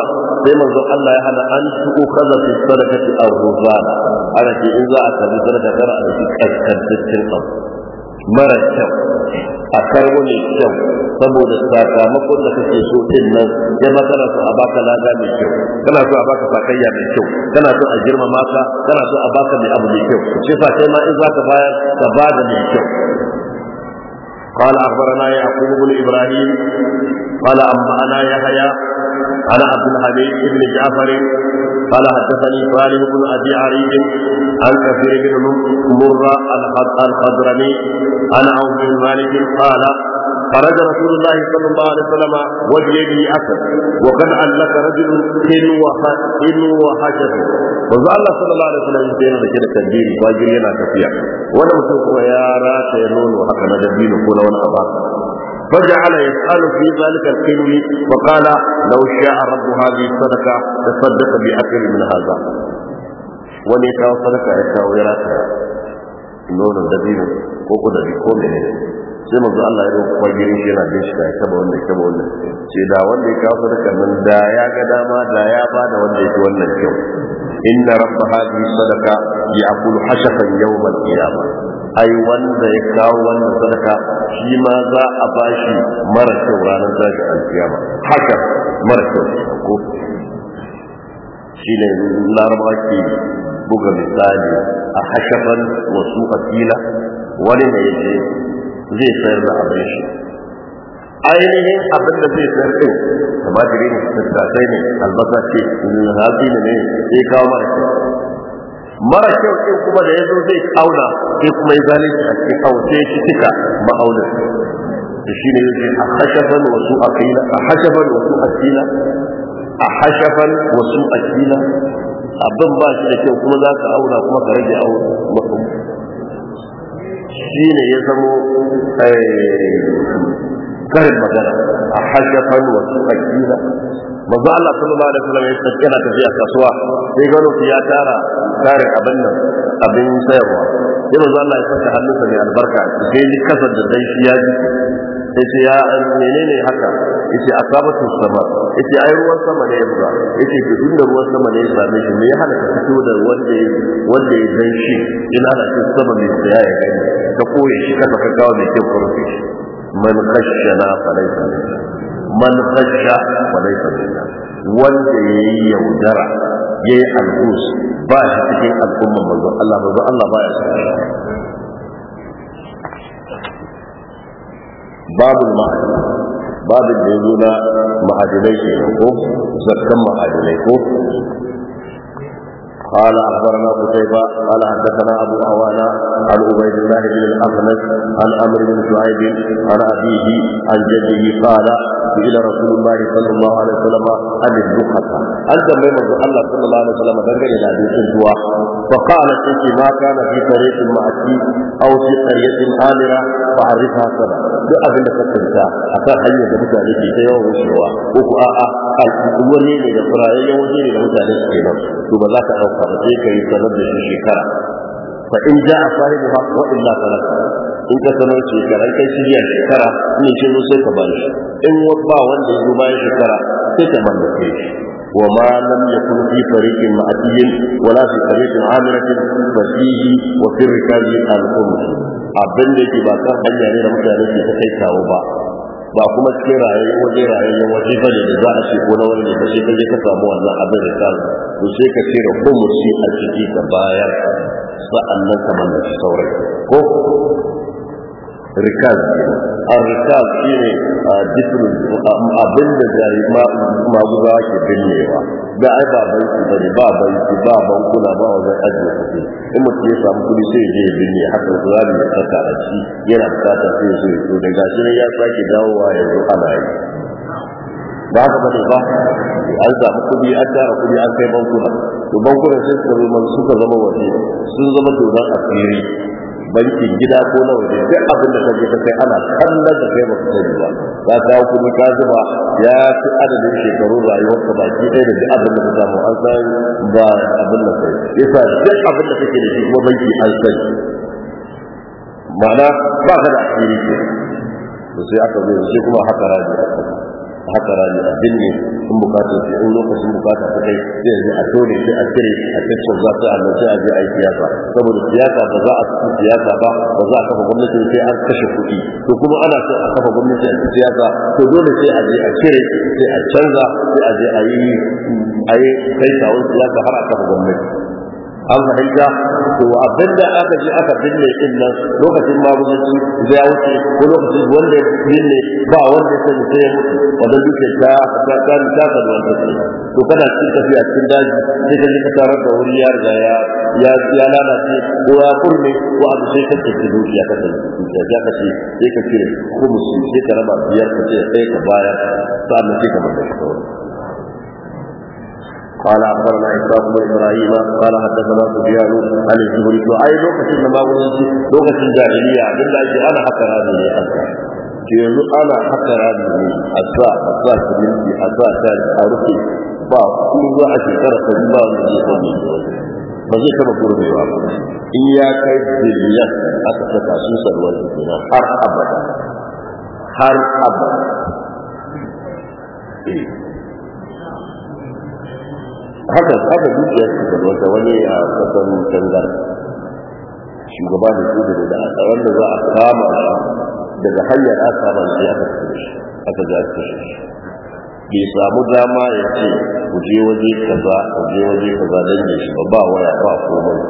بما زو الله يهنا أن تؤخذ في الصدقة الرزان أنا في إذا أتبت صدقة ترى أن تكتب تلك mara kyau a karbo mai kyau saboda sakamakon da kake so din nan ya ma su a baka lada mai kyau kana so a baka sakayya mai kyau kana so a girmama ka kana so a baka mai abu mai kyau shi fa sai ma in za ka bayar ka ba da mai kyau قال اخبرنا يعقوب بن ابراهيم قال انبانا يحيى عن عبد الحميد بن جعفر قال حدثني صالح بن ابي عريض عن كثير بن مر الخضرمي عن عوف بن مالك قال خرج رسول الله صلى الله عليه وسلم وجيبه اسد وقد علق رجل حلو وحشد wanzu Allah sallallahu alaihi wasallam sai yana dake da tabbiri ba jiri yana tafiya wanda mutum kuma ya rata ya nono haka na dabino ko na wani abu faja ala yasalu fi zalika alqimi wa qala law sha'a rabbu hadhihi sadaqa tasaddaqa bi aqli min hadha wani ya kawo sadaka ya kawo ya rata nonon dabino ko kudabi ko ne? sai manzo Allah ya dauko kwagiri shi yana bin shi da ya taba wannan taba wannan ce da wanda ya kawo sadaka nan da ya ga dama da ya ba da wanda ya fi wannan kyau inna rabba hadhihi sadaka ya'kulu hashakan yawmal qiyamah ai wanda ya kawo wannan sadaka shi ma za a bashi mara kyau ranar tashi alkiyama haka mara kyau ko shi ne larabawa ke buga misali a hashafan wasu fila wani ne ya zai sayar da abin shi ainihin abin da zai sayar din tumatiri ne tattasai ne albasa ce hatsi ne ne sai kawo mara kyau mara kyau din kuma da ya zo zai auna sai kuma ya zane shi a cikin aune shi cika ma'aunin shi ne yake a hashafan wasu akila a hashafan wasu akila a hashafan wasu akila abin ba shi da kyau kuma za ka aura kuma ka rage aura shi ne ya zamo eh, karin magana a hajjafan wasu akila manzo Allah sallallahu alaihi wasallam ya tsaki da tafiya kasuwa sai gano ya tara tarin abin nan abin sayarwa sai manzo Allah ya saka hannunsa mai albarka sai ji kasar da dai shi ya ji yace ya menene haka yace asabatu sama yace ai ruwan sama ne ya yace ki tunda ruwan sama ne ba ne me ya hana ka fito da wanda ya wanda ya san shi ina da shi sama ne tsaya ya gani ka koyi shi ka ka gawo mai kyau ka rufe shi man khashana falaysa man khasha falaysa wanda yi yaudara ya yi alhus ba shi cikin al'umman manzon Allah manzon Allah baya son babu ma'adana babin da ya zo na ma'adinai ke ko ma'adinai ko قال اخبرنا قتيبة قال حدثنا ابو اوانا عن عبيد الله بن الاخنس عن عمرو بن شعيب عن ابيه عن جده قال سئل رسول الله صلى الله عليه وسلم عن الدخة أن تنبي مرضو الله صلى الله عليه وسلم دنجل إلى حديث الدواء فقال إنك ما كان في طريق معكي أو في قرية آمرة فعرفها سنة دعا بلك التنسى أكا حيث بك عليك في يوم الشواء وكو آآ a wani ne da furayayyen waje ne da mutane suke nan to ba za ka ɗauka ba sai ka yi sanar da shi shekara fa in ja a fari da wa ka talaka in ka sanar shekaran kai shirya shekara in ce zo sai ka bani shi in ba wanda ya zo bayan shekara sai ka mallake shi وما لم يكن في فريق معدي ولا في فريق عاملة ففيه وفي الركاب الخمس abin da yake ba kan hanya ne da mutane ke ta kai ba ba kuma cikin rayayyen waje rayayyen waje ba ne da za a ce ko na wani ba sai kaje ka samu wannan abin da ka to sai ka cire ko a ciki ka bayar sa'annan ka mallaki saurayi ko rikaz al-rikaz shine jikin abin da jari maguza ke binnewa da ai ba banki ba ne ba banki ba bankuna ba wajen ajiye kuɗi in mutum ya samu kuɗi sai ya je ya binne haka zurari ya saka a ciki yana bukatar sai ya zo ya zo da gashi ne ya sake dawowa yanzu ana yi ba haka bane ba an samu kudi an tara kudi an kai bankuna to bankunan sai suka zama suka zama waje sun zama dozan asiri bankin gida ko na waje duk abin da kake ka kai ana kallon da kai baka sani ba ba ka hau kuma ka zuba ya fi adadin shekaru rayuwar ka baki ɗaya da duk abin da ka samu an san ba abin da kai yasa duk abin da kake da shi kuma banki an sani ma'ana ba ka da asiri ke sai aka zo sai kuma haka rajin haka rani a binne in bukatar su in lokacin bukata ta kai sai yanzu a tone sai a cire a cikin za su a sai a je a yi siyasa saboda siyasa ba za a ci siyasa ba ba za a kafa gwamnati sai an kashe kuɗi to kuma ana so a kafa gwamnati a ci siyasa to dole sai a je a cire sai a canza sai a je a yi a yi siyasa har a kafa gwamnati an fahimta to abin da aka je aka binne din nan lokacin magudanci ya wuce ko lokacin wanda ya binne ba wanda ya sani sai ya mutu wanda duke ta ta ta ta ta wanda ce to kana cikin tafiya cikin daji sai ka je ka tarar da wuri ya riga ya ya ya lalace ko ya kurme ko abu sai ka ce ki dukiya ka ta dukiya ya ka ce sai ka ce ko musu sai ka raba biyar ka ce sai ka bayar sa'an sai ka bar da shi قال اخبرنا اسحاق بن ابراهيم قال حدثنا سفيان عن الزهري اي لوكاشن ما بنتي لوكاشن جاهليه عبد الله انا حتى هذا yanzu ana haka rami a sa a sa siminti a sa ta a rufe ba kuma za a shekara ta ba wani zai sami ba zai taba gurbewa ba in ya kai biliyan aka saka har abada har abada haka haka dukiyar su da wata wani a kasan tangar shugaba da su da da a wanda za a kama daga hanyar a kama shi aka kashe aka za su kashe bai samu dama ya ce ku je waje kaza ku je waje kaza dan ya shi ba waya ba komai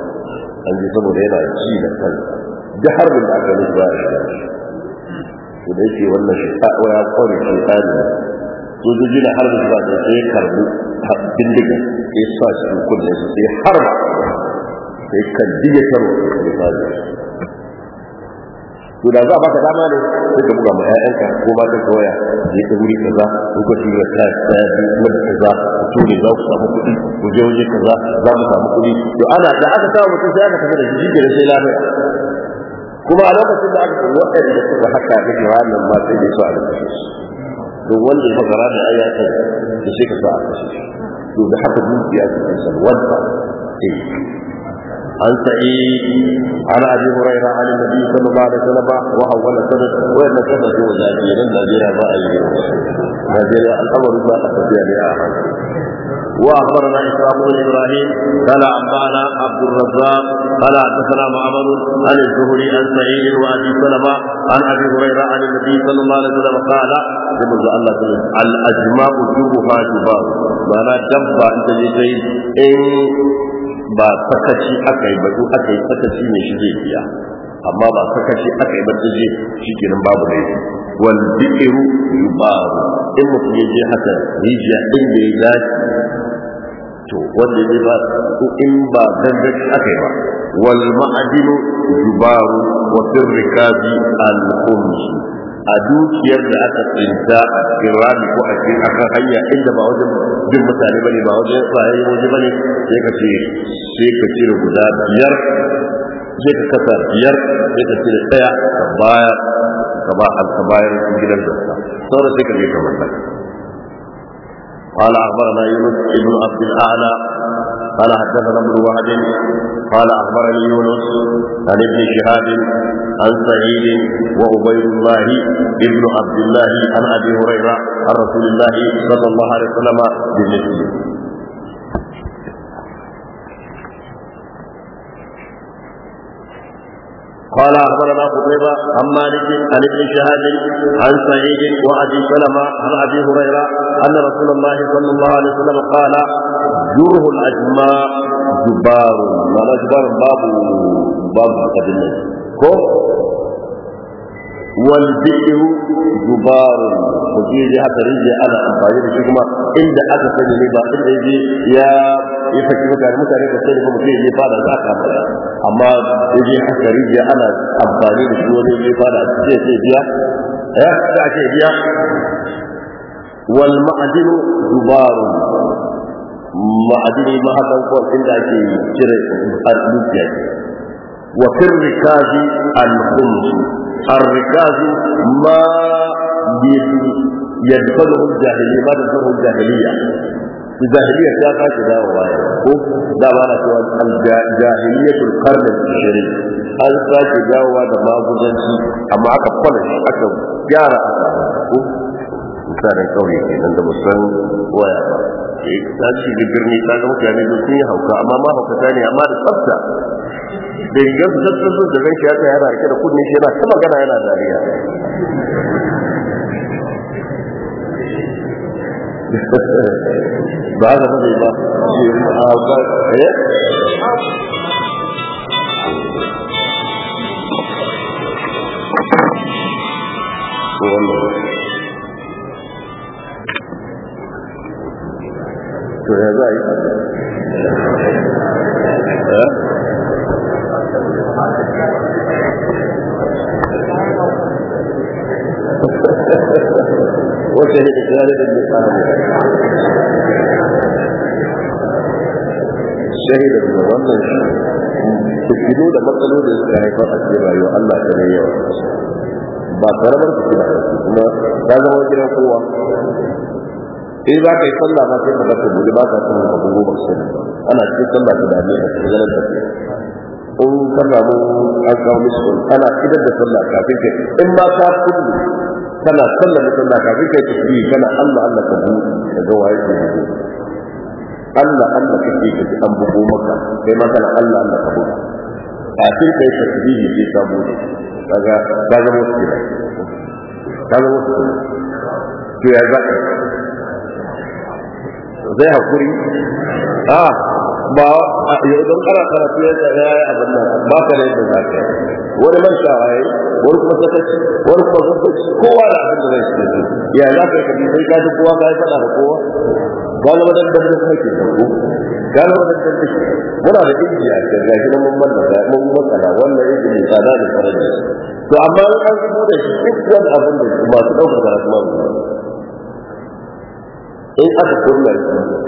an ji saboda yana ci da kansa duk harbin da aka nufi ba a shi da shi da yake wannan shi ta ya kware shi tsari sojoji da harba zuwa da sai karbi bindiga sai sa shi an kulle shi sai harba sai kalli ya taro sai fadi to da za a baka dama ne sai ka buga ma ƴaƴanka ko ba ka koya je ka wuri kaza ko ka shiga ta ta wanda kaza to ne za ku samu kuɗi ku je waje kaza za mu samu kuɗi to ana da aka samu mutum sai aka tafi da jiji da sai lafiya kuma a lokacin da aka waɗanda suka haka da kiranin ma sai da su a lokacin duk wanda ya maka rana ya yata da sa a kasu to da haka dukiya ta kansa wadda ta eh. yi an sa'i an abi huraira ali nabi sallallahu alaihi wasallam wa awwala sanad wa inna sanad wa zaji nan ba ayi najira al-amru ba ta fiya a hankali واخبرنا اسحاق بن ابراهيم قال انبانا عبد الرزاق قال حدثنا معمر عن الزهري عن سعيد وابي سلمه عن ابي هريره عن النبي صلى الله عليه وسلم قال يقول الله الاجماع جبها جباه معنى دبا انت ان ba sakaci aka yi ba duk aka yi sakaci ne shi zai biya amma ba sakaci aka yi ba je shi kenan babu laifi wal bi'ru yubaru in mutum ya je haka rijiya inda ya dace to wanda zai ba in ba dangaci aka yi ba wal ma'adinu jubaru wa firrikabi al-umsu a dukiyar da aka tsinta a cikin rami ko a cikin akan hanya inda ba wajen bin mutane bane ba wajen tsaye waje bane sai ka ce sai ka cire guda biyar sai ka kasa biyar sai ka cire daya ka bayar ka ba alkabayar gidan gaskiya sauran sai ka je ka mallaka قال أخبرنا يونس بن عبد الأعلى قال حدثنا ابن وهب قال أخبرني يونس عن ابن شهاب عن سعيد وعبيد الله ابن عبد الله عن أبي هريرة عن رسول الله صلى الله عليه وسلم بمثله قال اخبرنا قتيبة عن مالك عن ابن شهاب عن سعيد وابي سلمة عن ابي هريرة ان رسول الله صلى الله عليه وسلم قال جره الاجماع جبار ولا جبار باب باب قبل ko والبئر جبار وفي هذا رجع انا امبارح kuma inda aka sani ne ba inda ya ya saki mutane mutane ka sai da mutum ya fada za ka fara amma sai je haka rijiya ana amfani da shi wani ya fada sai sai biya ya eh, ta ce biya wal ma'dinu dubarun ma'adini mahadan ko inda ake cire ardukiya wa fir rikazi al khums ar rikazi ma yadkhulu al jahiliya ma yadkhulu al jahiliya jahiliya ta sake dawowa ya ko da ba na cewa jahiliyatul karnin ishirin an sake dawowa da maguzanci amma aka kwana shi aka gyara a ko mutanen kauye kenan da musan waya ba ta da birni ta ga mutane da sun hauka amma ma ne amma da tsafta da rigar su da yana da shi yana ta magana yana dariya ba haka ba zai eh? ba to ya za yi وكذلك eh? shaida da wannan fitilo da matsalolin da suka haifar a cikin rayuwa Allah ta mai ba karamar su ba kuma ta zama gidan kowa in za ka yi sallah ma sai ka ga ta dole ba ka san abu ba su, ana cikin sallah ta dame a cikin ganin ta in sallah mu an kawo musu ana idan da sallah kafin ka in ba ka kullu kana sallah da sallah kafin ka kana Allah Allah ka bu ka ga waye ke Allah Allah kake ka ji an maka sai ma kana Allah Allah ka bugo kafin kai tasbihi sai ka bugo kaga kaga musu kaga musu to ya zaka zai hakuri ah, a ba idan ya abin ba ka da wani man shawaye wani kuma sakaci wani kuma zubbaci kowa da abin da zai shi ya za ka bi sai ka kowa ka yi faɗa da kowa Galiba dan dan da kake da ku galaba dan dan kake muna da injiya da gashi nan mun da mun mallaka wannan yake ne tsada da faraji to amma an zubo da shi duk wani abin da ba su dauka da kuma in aka kunna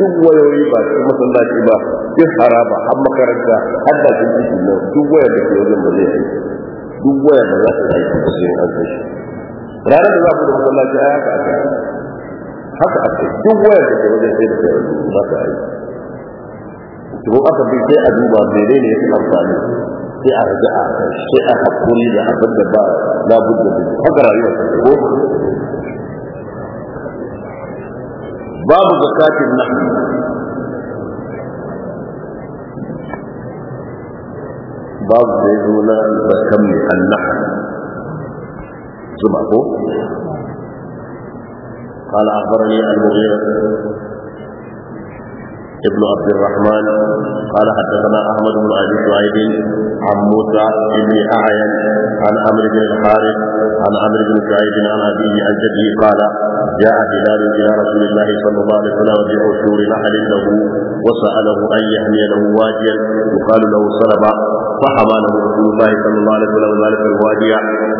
duk wayoyi ba su masallaci ba duk haraba har makaranta har da jin jiki duk wayar da ke wajen ba zai yi duk wayar da za ta yi ta sai an ranar da za ku da masallaci a yaka a kai haka ake duk wayar da ke wajen sai da sai za ta yi to aka bi sai a duba menene yake amfani sai a raja'a sai a hakuri da abin da ba labudda da haka rayuwar ta ko babu zakatin na babu da zo na zakan na annaha ko قال أخبرني المغيرة ابن عبد الرحمن قال حدثنا أحمد بن أبي سعيد عن موسى بن أعين عن عمرو بن الحارث عن عمرو بن سعيد عن أبيه عن جده قال جاء هلال إلى رسول الله صلى الله عليه وسلم بعشور نحل له وسأله أن يهني له واديا يقال له صلبا فحمى له رسول الله صلى الله عليه وسلم ذلك الوادي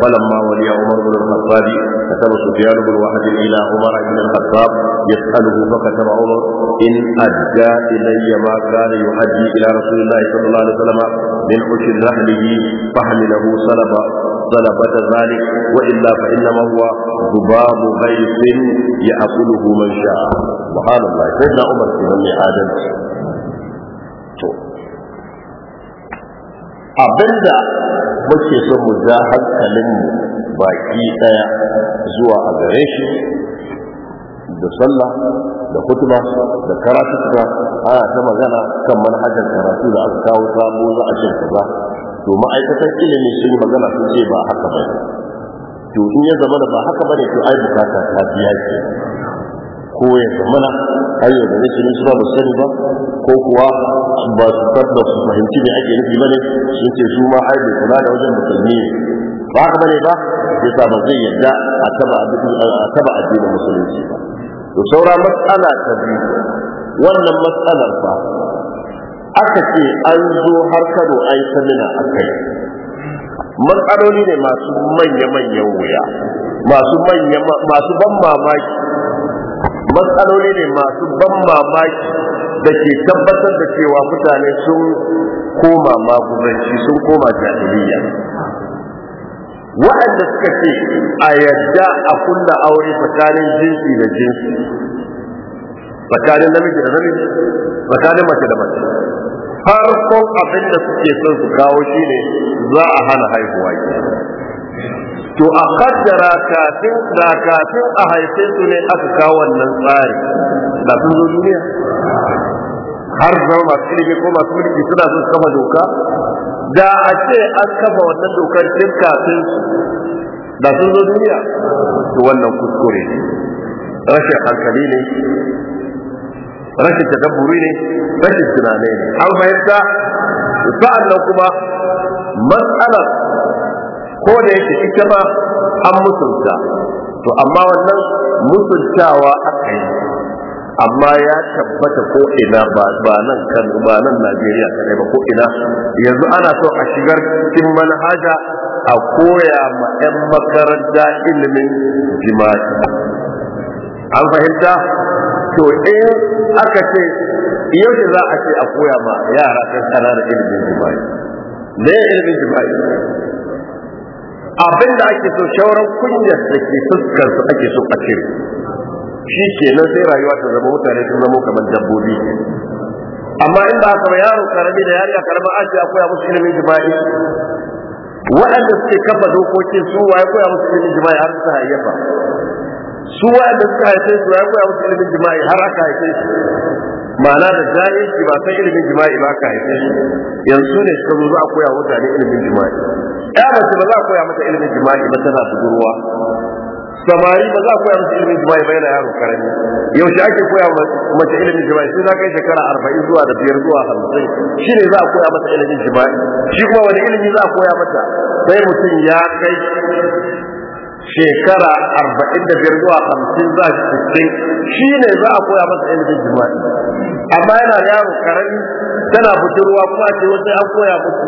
ولما ولي عمر بن الخطاب فكتب سفيان بن وهب الى عمر بن الخطاب يساله فكتب عمر ان ادى الي ما كان يهدي الى رسول الله صلى الله عليه وسلم من عشر رحله فحمله صلب طلبة ذلك وإلا فإنما هو ذباب غيث يأكله من شاء سبحان الله سيدنا عمر في بني آدم abinda muke son mu ja hankalinmu baki daya zuwa a gare shi da sallah da kutuba da karatu ana ta magana kan manhajar karatu da aka kawo sabo za a shirka ba to ma'aikatan ilimi sun yi magana sun ce ba haka ba to in ya zama da ba haka ba ne to ai bukata ta biya ke ko ya zama na har yau da nake nufi ba sani ba ko kuwa ba su tabbas su fahimci me ake nufi ba ne sun ce su ma ai bai kula da wajen musulmi ba haka bane ba yasa ba zai yadda a taba a taba addinin musulunci ba to saura matsala ta biyu wannan matsalar fa aka ce an zo har Kano an yi samina a kai matsaloli ne masu manya-manyan wuya masu manya masu ban mamaki matsaloli ne masu ban mamaki da ke tabbatar da cewa mutane sun koma magudanci sun koma jahiliya waɗanda suka ce a yadda a kulla aure tsakanin jinsi da jinsi tsakanin namiji da namiji tsakanin mace da mace farkon abin da suke son su kawo shi ne za a hana haihuwa ke to a kaddara kafin da kafin a haife su ne aka kawo wannan tsari da sun zo duniya har zama masu ilimi ko masu mulki suna son kama doka da a ce an kafa wannan dokar tun kafin da sun zo duniya to wannan kuskure rashin hankali ne rashin tadabburi ne rashin tunani ne an fahimta sa'an nan kuma matsalar ko da yake ita ma an mutunta to amma wannan mutuntawa aka yi amma ya tabbata ko ina ba nan kan ba nan Najeriya kadai ba ko ina yanzu ana so a shigar cikin manhaja a koya ma 'yan makaranta ilimin jima'i an fahimta to in aka ce yau za a ce a koya ma yara kan kananan ilimin jima'i ne ilimin jima'i abin da ake so shauran kunyar da ke fuskar su ake so a cire shi nan sai rayuwa ta zama mutane sun zama kamar dabbobi amma in ba kama yaro karami da yariya karamin aji a koya musu ilimin jima'i waɗanda suke kafa dokokin su waye koya musu ilimin jima'i har su hayyafa su waɗanda suka haife su waye koya musu ilimin jima'i har aka haife su ma'ana da jahilci ba san ilimin jima'i ba ka haife su yanzu ne suka zo za a koya mutane ilimin jima'i ya mace ba za a koya mata ilimin jima'i ba tana budurwa samari ba za a koya musu ilimin jima'i ba yana yaro karami yaushe ake koya mace ilimin jima'i sai za ka yi shekara arba'in zuwa da biyar zuwa hamsin shi ne za a koya mata ilimin jima'i shi kuma wani ilimi za a koya mata sai mutum ya kai shekara arba'in da biyar zuwa hamsin za a sittin shi ne za a koya mata ilimin jima'i amma yana yaro karami tana budurwa kuma a ce wasu an koya musu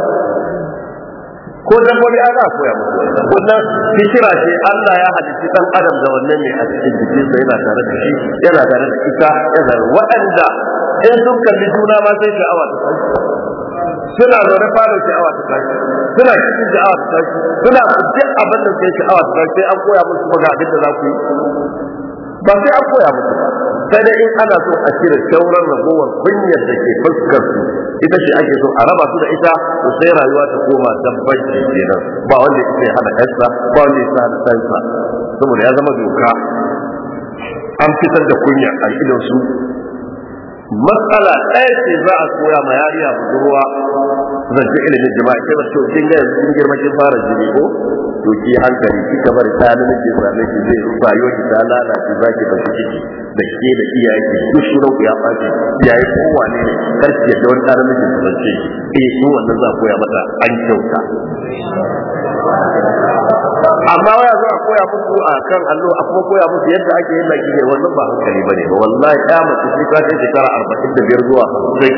ko dabbobi an za a koya musu wannan fikira ce Allah ya halitta dan adam da wannan ne a cikin jikin sa yana tare da shi yana tare da ita yana waɗanda in sun kalli juna ma sai sha'awa ta suna zaune fara sha'awa ta tashi suna cikin sha'awa ta tashi suna duk abin da sai sha'awa ta tashi sai an koya musu ga abin da za ku yi ba sai an koya musu ba sai in ana so a cire sauran ragowar kunyar da ke fuskar su ita ce ake so a raba su da ita to sai rayuwa ta koma dabbanci kenan ba wanda yake hana kansa ba wanda yake hana kansa saboda ya zama doka an fitar da kunya a idon matsala ɗaya ce za a koya ma yariya budurwa zance ilimin jima'i ke da cewa kin ga yanzu kin girma kin fara jini ko to ki hankali ki ka bar ta da nake same ki zai rufa yo ki ta lalace ba ki fashi ciki da ke da iyaye ki ku shiro ku ya fashi iyaye ko wane ne kar ki yadda wani ɗan miji zance eh ko wannan za a koya mata an kyauta amma waya zo a koya musu a kan allo a kuma koya musu yadda ake yin laki ne wannan ba hankali bane ba wallahi ya mace sai ka kai shekara arba'in da biyar zuwa sai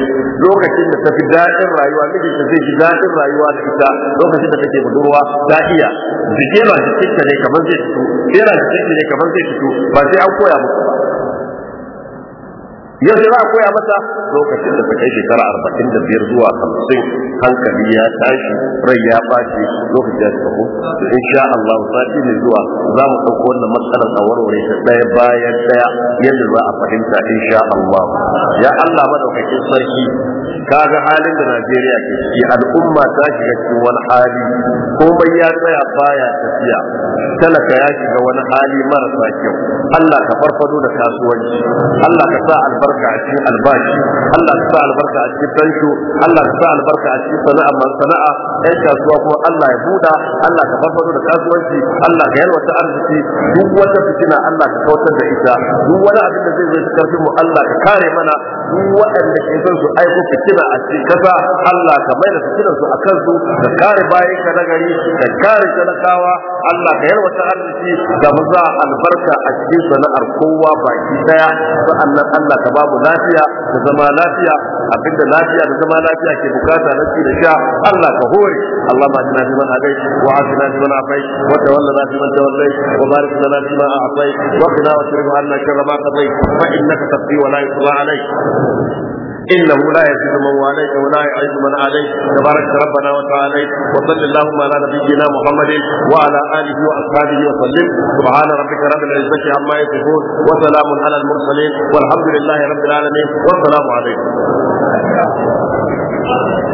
lokacin da ta fi daɗin rayuwa mijin ta zai fi daɗin rayuwa da ita lokacin da take budurwa ta iya jike na jikin ta ne kamar zai fito jike na jikin ta ne kamar zai fito ba sai an koya musu ba yau sai za a koya masa lokacin da ta kai shekara arba'in da biyar zuwa hamsin hankali ya tashi rai ya baci lokacin da ta In to insha Allah sati ne zuwa za mu ɗauko wannan matsalar a warware ta ɗaya bayan ɗaya yadda za a fahimta sha Allah ya Allah madaukakin sarki kaga halin da Najeriya ke ciki al'umma ta shiga cikin wani hali komai ya tsaya baya tafiya talaka ya shiga wani hali marasa kyau Allah ka farfado da kasuwanci Allah ka sa albarka a cikin albashi Allah ka sa albarka a cikin tansho Allah ka sa albarka a cikin sana'a man sana'a ɗan kasuwa kuma Allah ya buɗa Allah ka farfado da kasuwanci Allah ka yalwata arziki duk wata fitina Allah ka kautar da ita duk wani abin da zai zai cikin mu Allah ka kare mana duk waɗanda ke son su aiko fitina girgiza a cikin kasa Allah ka mai da fitinan su akan su ka kare bayan ka nagari ka kare talakawa Allah ka yarwata arziki da maza albarka a cikin sana'ar kowa baki daya sa'annan Allah ka babu lafiya da zama lafiya abinda lafiya da zama lafiya ke bukata na da sha Allah ka hore Allah ma hadai wa afai wa tawalla tawallai wa barik wa wa anna sharra ma fa innaka wa la إنه لا يزيد من واليت ولا يعز من عليك تبارك ربنا وتعالى وصل اللهم على نبينا محمد وعلى آله وأصحابه وسلم سبحان ربك رب العزة عما يصفون وسلام على المرسلين والحمد لله رب العالمين والسلام عليكم